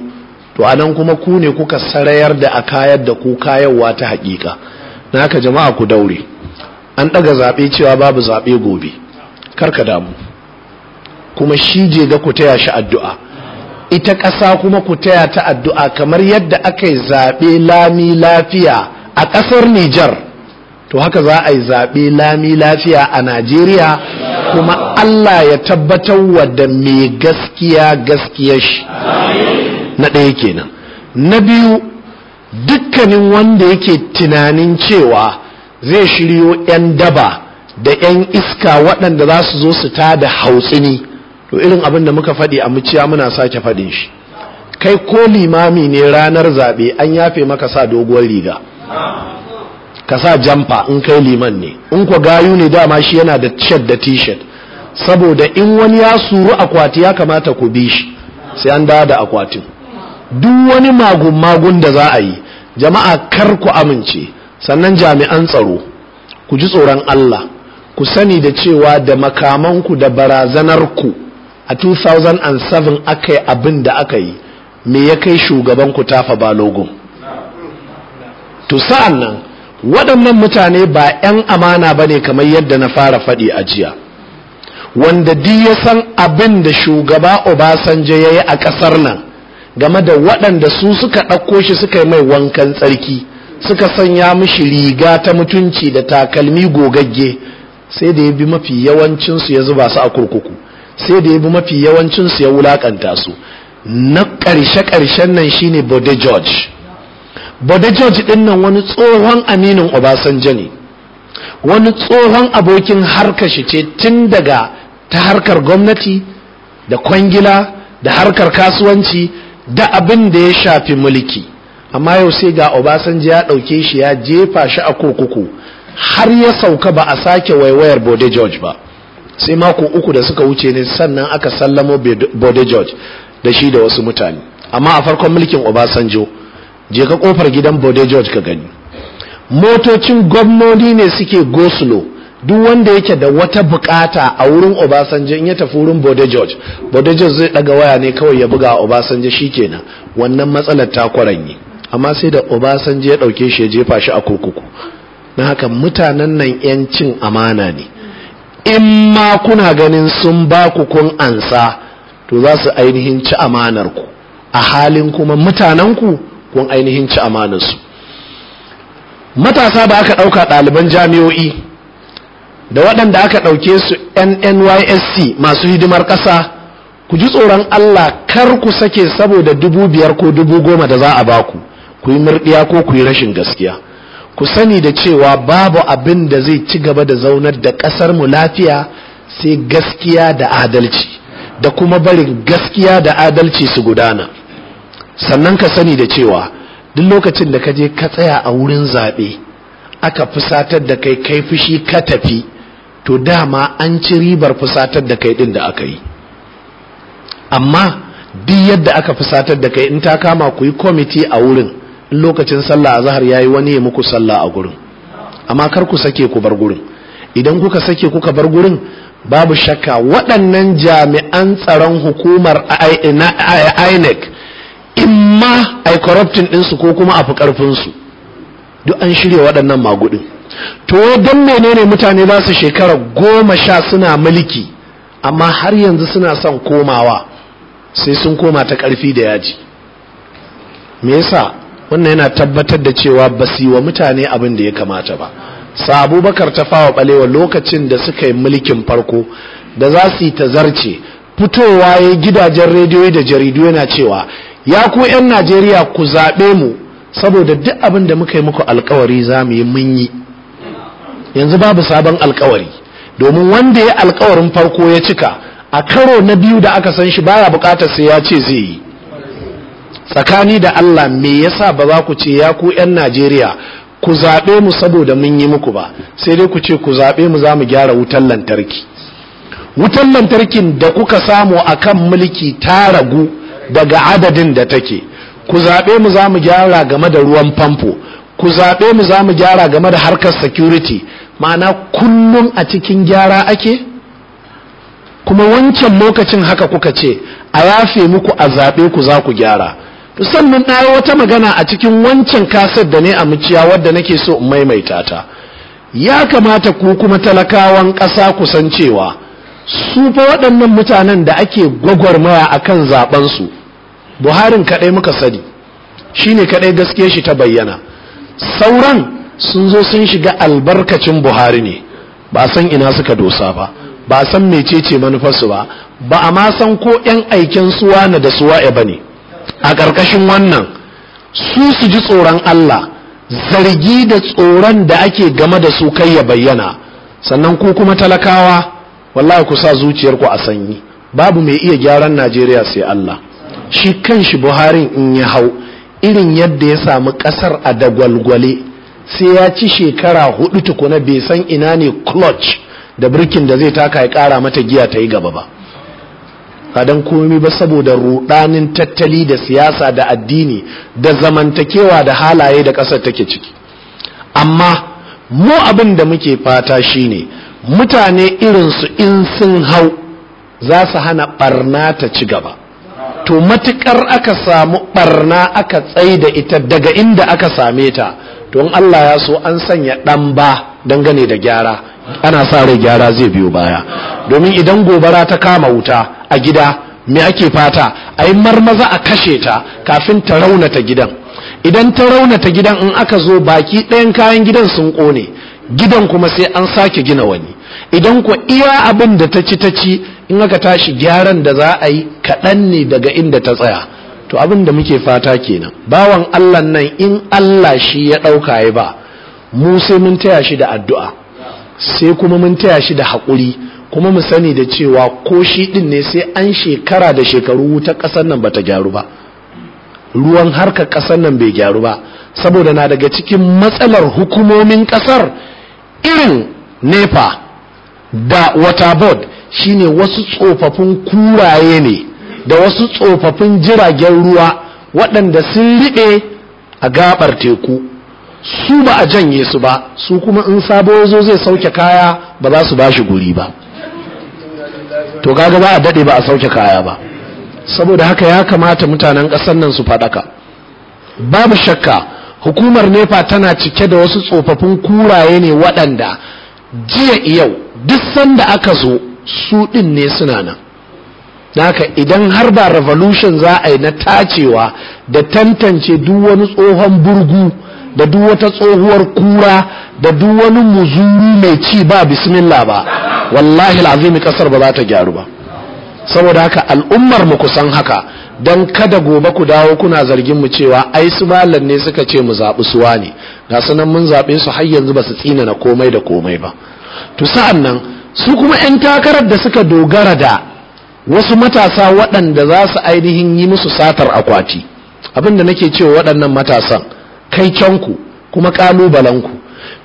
to a nan kuma ku ne kuka sarayar da a kayar da ku kayarwa ta haƙiƙa na haka jama'a ku daure an ɗaga zaɓe cewa babu zaɓe gobe karka damu kuma shi je ga ku taya shi addu'a ita ƙasa kuma ku taya ta addu'a kamar yadda aka yi zaɓe lami lafiya a ƙasar Nijar to haka za a yi zaɓe lami lafiya a Najeriya kuma Allah ya tabbatar wa da mai gaskiya gaskiya shi na ɗaya kenan na biyu dukkanin wanda yake tunanin cewa zai shiryo 'yan daba da 'yan iska waɗanda za su zo su ta da hautsini to irin abin da muka faɗi a muciya muna sake faɗin shi kai ko limami ne ranar zaɓe an yafe maka sa doguwar riga ka sa jamfa in kai liman ne in kwa gayu ne dama shi yana da shed da t-shirt saboda in wani ya suru akwati ya kamata ku bi shi sai an dawo da akwatin duk wani magun-magun da za a yi jama'a kar ku amince sannan jami'an tsaro ku ji tsoron Allah ku sani da cewa da makamanku da barazanarku a 2007 aka yi abin da aka yi me ya kai shugabanku tafa balogun to sa'an nan waɗannan mutane ba 'yan amana ba ne kamar yadda na fara faɗi a jiya wanda di ya san abin da shugaba obasanjo ya yi a ƙasar nan game da waɗanda su suka ɗauko shi suka yi mai wankan tsarki suka sanya mishi riga ta mutunci da takalmi gogagge sai da ya bi mafi yawancinsu ya zuba su a kurkuku sai da ya bi mafi yawancinsu ya wulaƙanta su na ƙarshe-ƙarshen nan shine bode george bada george din nan wani tsohon aminin obasanjo ne wani tsohon abokin harkar shi ce tun daga ta harkar gwamnati da kwangila da harkar kasuwanci da abin da ya shafi mulki amma yau sai ga obasanjo ya ɗauke shi ya jefa shi a kurkuku har ya sauka ba a sake waiwayar bode george ba sai mako uku da suka wuce ne sannan aka sallamo bode george da shi da wasu mutane amma a farkon mulkin obasanjo je ka kofar gidan bode george ka gani motocin gwamnoni ne suke goslo duk wanda yake da wata bukata a wurin obasanje in ya tafi wurin bode george bode george zai daga waya ne kawai ya buga a shi shikenan wannan matsalar ta kwaranye amma sai da obasanje ya dauke shi ya jefa shi a kurkuku na haka mutanen nan yancin amana ne in ma kuna ganin sun ba ku kun ansa to za su ainihin ci amanar ku a halin kuma mutanen ku. kun ainihin ci amanarsu matasa da aka ɗauka ɗaliban jami'o'i da waɗanda aka ɗauke su nnysc masu hidimar ƙasa ku ji tsoron allah kar ku sake saboda dubu biyar ko dubu goma da za a baku ku yi murɗiya ko ku yi rashin gaskiya ku sani da cewa babu abin da zai ci gaba da zaunar da ƙasar mu lafiya sai gaskiya da adalci da kuma barin gaskiya da adalci su gudana sannan ka sani da cewa duk lokacin da ka je ka tsaya a wurin zaɓe aka fusatar da kai kai fushi ka tafi to dama an ci ribar fusatar da kai ɗin da aka yi amma duk yadda aka fusatar da kai in ta kama ku yi kwamiti a wurin in lokacin sallah a zahar ya yi wani ya muku sallah a gurin amma kar ku sake ku bar gurin idan kuka sake kuka bar gurin babu shakka waɗannan jami'an tsaron hukumar INEC in ma a yi corrupting ɗinsu ko kuma a fi ƙarfinsu duk an shirya waɗannan magudin to don menene mutane za su shekara goma sha suna mulki amma har yanzu suna son komawa sai sun koma ta ƙarfi da yaji me yasa wannan yana tabbatar da cewa ba su yi wa mutane abin da ya kamata ba sa abubakar ta fawa ɓalewa lokacin da suka yi mulkin farko da za su yi ta zarce fitowa ya gidajen rediyo da jaridu yana cewa ya ku 'yan najeriya ku zaɓe mu saboda duk abin da muka yi muku alkawari za mu yi mun yi yanzu babu sabon alkawari domin wanda ya alkawarin farko ya cika a karo na biyu da aka san shi baya bukatar sai ya ce zai yi tsakani da allah me yasa ba za ku ce ya ku 'yan najeriya ku zaɓe mu saboda mun yi muku ba sai dai ku ce ku zaɓe mu za mu gyara wutar lantarki wutan lantarkin da kuka samu akan mulki ta ragu daga adadin da take ku zaɓe mu za mu gyara game da ruwan famfo ku zaɓe mu za mu gyara game da harkar security ma'ana kullum a cikin gyara ake kuma wancan lokacin haka kuka ce a yafe muku a zaɓe ku za ku gyara sannan na yi wata magana a cikin wancan kaset da ne a muciya wadda nake so in maimaita ta ya kamata ku kuma talakawan ƙasa ku cewa su fa waɗannan mutanen da ake gwagwarmaya a kan zaɓensu buharin kaɗai muka sani shi ne kaɗai gaske shi ta bayyana sauran sun zo sun shiga albarkacin buhari ne ba san ina suka dosa ba ba san mecece manufarsu ba ba a ma san ko 'yan aikin suwana da suwa ba ne a ƙarƙashin wannan su su ji tsoron allah zargi da tsoron da ake game da su kai ya bayyana sannan ku kuma talakawa wallahi ku sa zuciyarku a sanyi babu mai iya gyaran najeriya sai allah shi kanshi buhari in ya hau irin yadda ya samu kasar a dagwalgwale sai ya ci shekara hudu tukuna bai san ina ne clutch da birkin da zai taka ya kara mata giya ta yi gaba ba kadan komi ba saboda rudanin tattali da siyasa da addini da zamantakewa da halaye da kasar take ciki amma mu abin da muke fata shine mutane irin su in sun hau za su hana barna ta ci gaba to matukar aka samu barna aka tsai da ita daga inda aka same ta to in Allah ya so an sanya dan ba dangane da gyara ana sa rai gyara zai biyo baya domin idan gobara ta kama wuta a gida me ake fata a yi marmaza a kashe ta kafin ta raunata gidan idan ta raunata gidan in aka zo baki ɗayan kayan gidan sun ƙone gidan kuma sai an sake gina wani idan ku iya abin da ta ci ta ci in aka tashi gyaran da za a yi kaɗan ne daga inda ta tsaya to abin da muke fata kenan bawan allah nan in allah shi ya ɗauka ya ba mu sai mun taya shi da addu'a sai kuma mun taya shi da haƙuri kuma mu sani da cewa ko shi ɗin ne sai an shekara da shekaru wuta ƙasar nan ba ta gyaru ba ruwan harka ƙasar nan bai gyaru ba saboda na daga cikin matsalar hukumomin ƙasar irin nepa da waterboard shine wasu tsofaffin kuraye ne da wasu tsofaffin jiragen ruwa waɗanda sun riɗe a gabar teku su ba a janye su ba su kuma in sabo zo zai sauke kaya ba za su ba shi guri ba to gaga ba a daɗe ba a sauke kaya ba saboda haka ya kamata mutanen ƙasar nan su faɗaka babu shakka hukumar nepa tana cike da wasu tsofaffin kuraye ne waɗanda jiya yau duk sanda aka zo su ɗin ne suna nan haka idan har ba revolution za a yi na tacewa da tantance duk wani tsohon burgu da duk wata tsohuwar kura da duk wani muzuru mai ci ba bismillah ba wallahi al'azimi kasar ba za ta gyaru ba saboda haka al'ummar mu kusan haka don kada gobe ku dawo kuna zargin mu cewa ai su malam ne suka ce mu zaɓi suwa ne ga sanan mun zaɓe su har yanzu ba su tsina na komai da komai ba to sa'an nan su kuma 'yan takarar da suka dogara da wasu matasa waɗanda za su ainihin yi musu satar akwati abinda da nake cewa waɗannan matasan kai kyanku kuma ƙalubalenku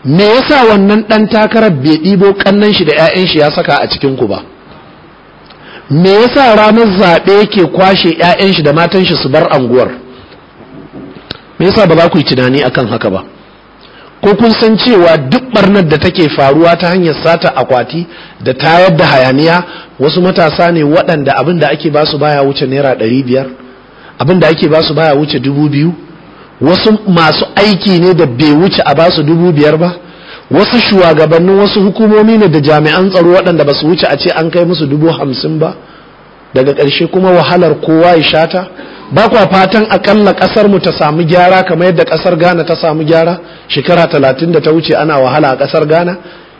me yasa wannan ɗan takarar bai ɗibo ƙannan shi da 'ya'yan shi ya saka a cikinku ba me yasa ranar zaɓe yake kwashe 'ya'yan shi da matan shi su bar anguwar me yasa ba za ku yi tunani akan haka ba ko kun san cewa duk barnar da take faruwa ta hanyar sata akwati da tayar da hayaniya wasu matasa ne waɗanda abin da ake basu baya wuce naira ɗari biyar abin da ake basu baya wuce dubu biyu wasu masu aiki ne da bai wuce a basu dubu biyar ba wasu shugabannin wasu hukumomi ne da jami'an tsaro waɗanda ba su wuce a ce an kai musu dubu hamsin ba daga ƙarshe kuma wahalar kowa ya shata ba kwa fatan akalla kasar mu ta samu gyara kamar yadda kasar Ghana ta samu gyara shekara talatin da ta wuce ana wahala a kasar Ghana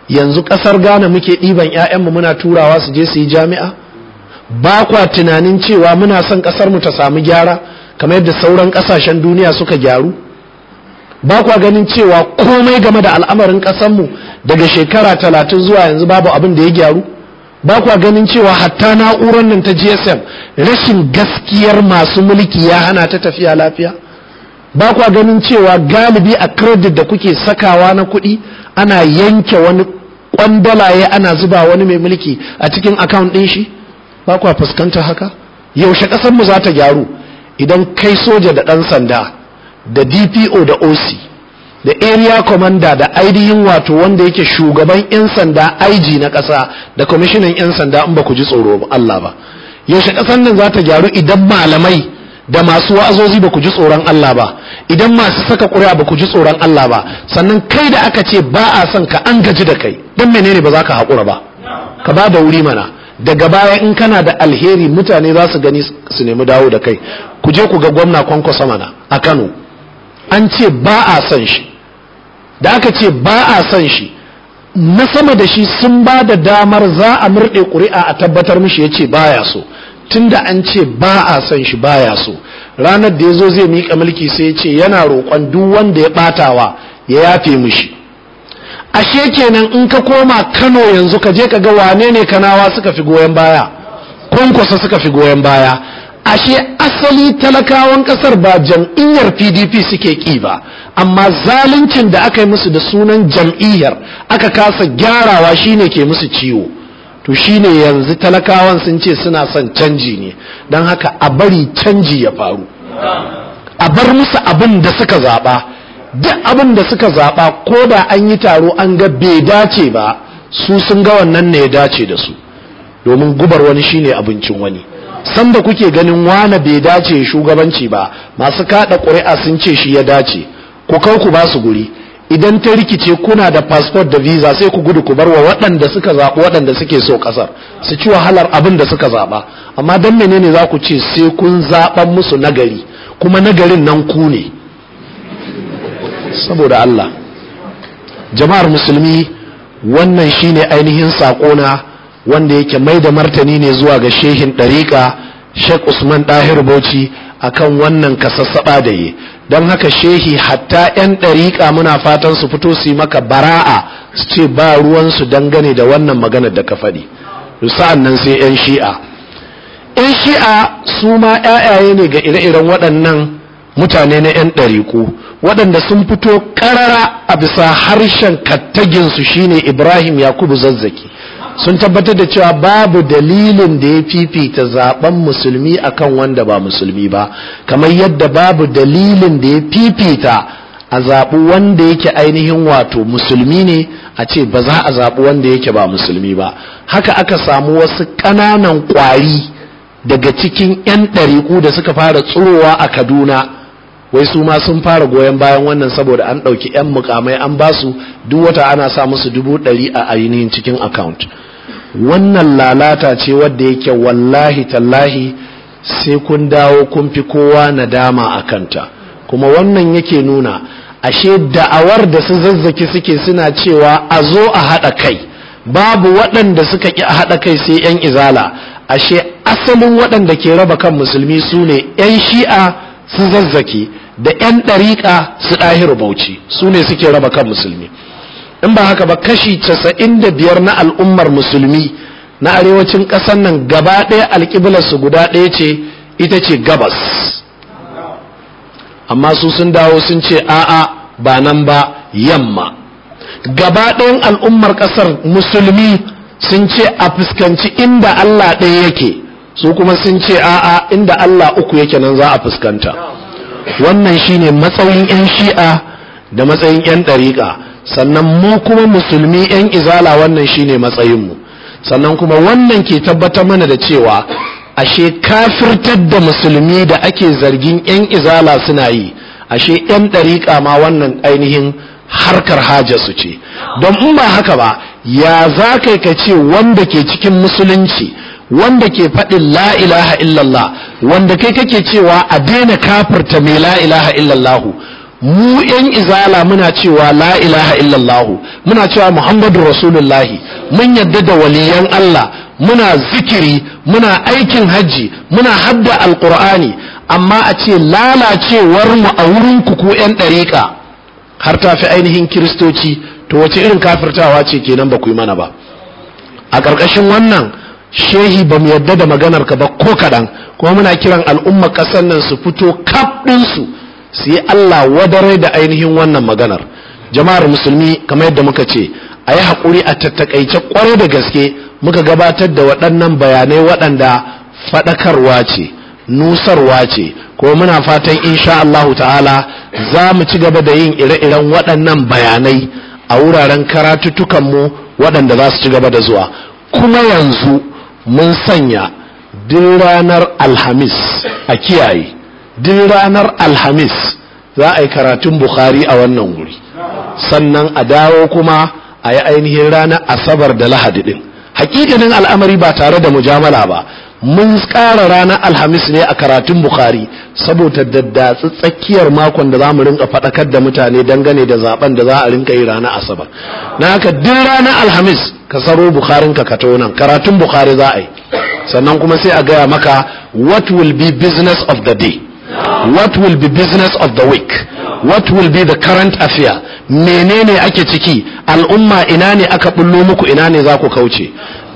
yanzu kasar Ghana muke ɗiban 'ya'yanmu muna turawa su je su yi jami'a ba kwa tunanin cewa muna son kasar mu ta samu gyara kamar yadda sauran ƙasashen duniya suka gyaru ba kwa ganin cewa komai game da al'amarin mu daga shekara talatin zuwa yanzu babu abin da ya gyaru ba kwa ganin cewa hatta na'urar nan ta gsm rashin gaskiyar masu mulki ya hana ta tafiya lafiya ba kwa ganin cewa galibi a credit da kuke sakawa na kuɗi ana yanke wani kwandalaye ana zuba wani mai mulki a cikin account ɗin shi ba kwa fuskanta haka yaushe ƙasarmu za ta gyaru idan kai soja da ɗan sanda da dpo da oc da area commander da ainihin wato wanda yake shugaban 'yan sanda IG na ƙasa da kwamishinan 'yan sanda in ba ku ji tsoro Allah ba yaushe ƙasar nan za ta gyaru idan malamai da masu wa'azozi ba ku ji tsoron Allah ba idan masu saka ƙuri'a ba ku ji tsoron Allah ba sannan kai da aka ce ba a son ka an gaji da kai Dan menene ba za ka haƙura ba ka ba da wuri mana daga baya in kana da alheri mutane za su gani su nemi dawo da kai ku je ku ga gwamna kwankwasa mana a Kano an ce ba a son shi da aka ce ba a son shi na sama da shi sun ba da damar za a murɗe ƙuri'a a tabbatar mishi ya ce baya so tunda an ce ba a son shi baya so ranar da ya zo zai miƙa mulki sai ya ce yana roƙon duk wanda ya ɓatawa ya yafe mishi ashe kenan in ka koma kano yanzu ka je ka ga wane ne kanawa suka fi goyon baya kwankwasa suka fi goyon baya ashe asali talakawan kasar ba jam'iyyar pdp suke ki ba amma zaluncin da aka yi musu da sunan jam'iyyar aka kasa gyarawa shine ke musu ciwo to shine yanzu talakawan sun ce suna son canji ne don haka a bari canji ya faru a bar musu abin da suka zaɓa duk abin da suka zaɓa ko da an yi taro an ga bai dace ba su sun ga wannan ne ya dace da su domin gubar wani shine abincin wani sanda kuke ganin wane bai dace shugabanci ba masu kada ƙuri'a sun ce shi ya dace ku kau ku ba su guri idan ta rikice kuna da passport da visa sai ku gudu ku bar wa waɗanda suka zaɓa waɗanda suke so ƙasar su ci wahalar abin da suka zaɓa amma don menene za ku ce sai kun zaɓan musu nagari kuma nagarin nan ku ne saboda Allah jama'ar musulmi wannan shine ainihin saƙona wanda yake mai da martani ne zuwa ga shehin ɗariƙa Sheikh Usman Ɗahir Bauchi akan wannan kasassaɓa da yi don haka shehi hatta 'yan ɗariƙa muna fatan su fito su yi maka bara'a su ce ba ruwansu dangane da wannan maganar da ka faɗi sa'an nan sai 'yan shi'a 'yan shi'a su ma 'ya'yaye ne ga ire-iren waɗannan mutane na 'yan ɗariƙu waɗanda sun fito ƙarara a bisa harshen kattaginsu shine ibrahim yakubu zazzaki sun tabbatar da cewa babu dalilin da ya fifita zaben musulmi akan wanda ba musulmi ba kamar yadda babu dalilin da ya fifita a zaɓi wanda yake ainihin wato musulmi ne a ce ba za a zaɓi wanda yake ba musulmi ba haka aka samu wasu ƙananan ƙwari daga cikin 'yan ɗariƙu da suka fara tsurowa a kaduna wai su ma sun fara goyon bayan wannan saboda an ɗauki 'yan mukamai an ba su duk wata ana sa musu dubu ɗari a ainihin cikin account wannan lalata ce wadda yake wallahi tallahi sai kun dawo kun fi kowa nadama a kanta kuma wannan yake nuna ashe da'awar da su zazzaki suke suna cewa a zo a haɗa kai babu waɗanda suka ƙi a haɗa kai sai 'yan izala ashe asalin waɗanda ke raba kan musulmi su ne 'yan shi'a su zazzaki da 'yan ɗariƙa su ɗahiru bauchi su ne suke raba kan musulmi in ba haka ba kashi casa'in da biyar na al'ummar musulmi na arewacin ƙasar nan gaba ɗaya su guda ɗaya ce ita ce gabas amma su sun dawo sun ce a'a ba nan ba yamma gaba ɗayan al'ummar ƙasar musulmi sun ce a fuskanci inda Allah ɗaya yake su kuma sun ce a'a inda Allah uku yake nan za a fuskanta wannan shine matsayin yan shi'a da matsayin yan ɗariƙa sannan mu kuma musulmi yan izala wannan shine matsayinmu sannan kuma wannan ke tabbatar mana da cewa ashe kafirtar da musulmi da ake zargin yan izala suna yi ashe yan ɗariƙa ma wannan ainihin harkar su ce don in ba haka ba ya za kai ka ce wanda ke cikin musulunci wanda ke faɗin la ilaha illallah wanda kai kake cewa a daina kafirta mai la ilaha illallahu mu yan izala muna cewa la ilaha illallahu muna cewa muhammadu rasulullahi mun yadda da waliyan Allah muna zikiri muna aikin hajji muna hadda alqur'ani amma a ce lalacewar mu a wurin ku ko yan ɗariƙa har ta fi ainihin kiristoci to wace irin kafirtawa ce kenan ba ku yi mana ba a ƙarƙashin wannan shehi ba mu yadda da maganar ka ba ko kaɗan kuma muna kiran al'umma ƙasar nan su fito kaf ɗinsu su yi Allah wadare da ainihin wannan maganar jama'ar musulmi kamar yadda muka ce a yi haƙuri a tattakaice ƙwarai da gaske muka gabatar da waɗannan bayanai waɗanda faɗakarwa ce nusarwa ce ko muna fatan insha Allah ta'ala za mu ci gaba da yin ire-iren waɗannan bayanai a wuraren karatuttukanmu waɗanda za su ci gaba da zuwa kuma yanzu mun sanya din ranar alhamis a kiyaye din ranar alhamis za a yi karatun bukari a wannan wuri sannan a dawo kuma a yi ainihin ranar asabar da lahadi din hakikanin al'amari ba tare da mujamala ba mun ƙara ranar alhamis ne a karatun bukhari saboda dadda tsakiyar makon da za mu rinka faɗakar da mutane dangane da zaben da za a rinka yi ranar asabar na haka duk ranar alhamis ka saro bukharin ka kato nan karatun bukhari za a yi sannan kuma sai a gaya maka what will be business of the day what will be business of the week what will be the current affair menene ake ciki al'umma ina ne aka bullo muku ina ne za ku kauce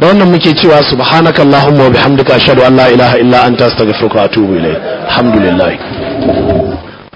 da wannan muke cewa subhanakallahumma wa bihamdika ashhadu an la ilaha illa anta astaghfiruka wa atubu ilayk alhamdulillah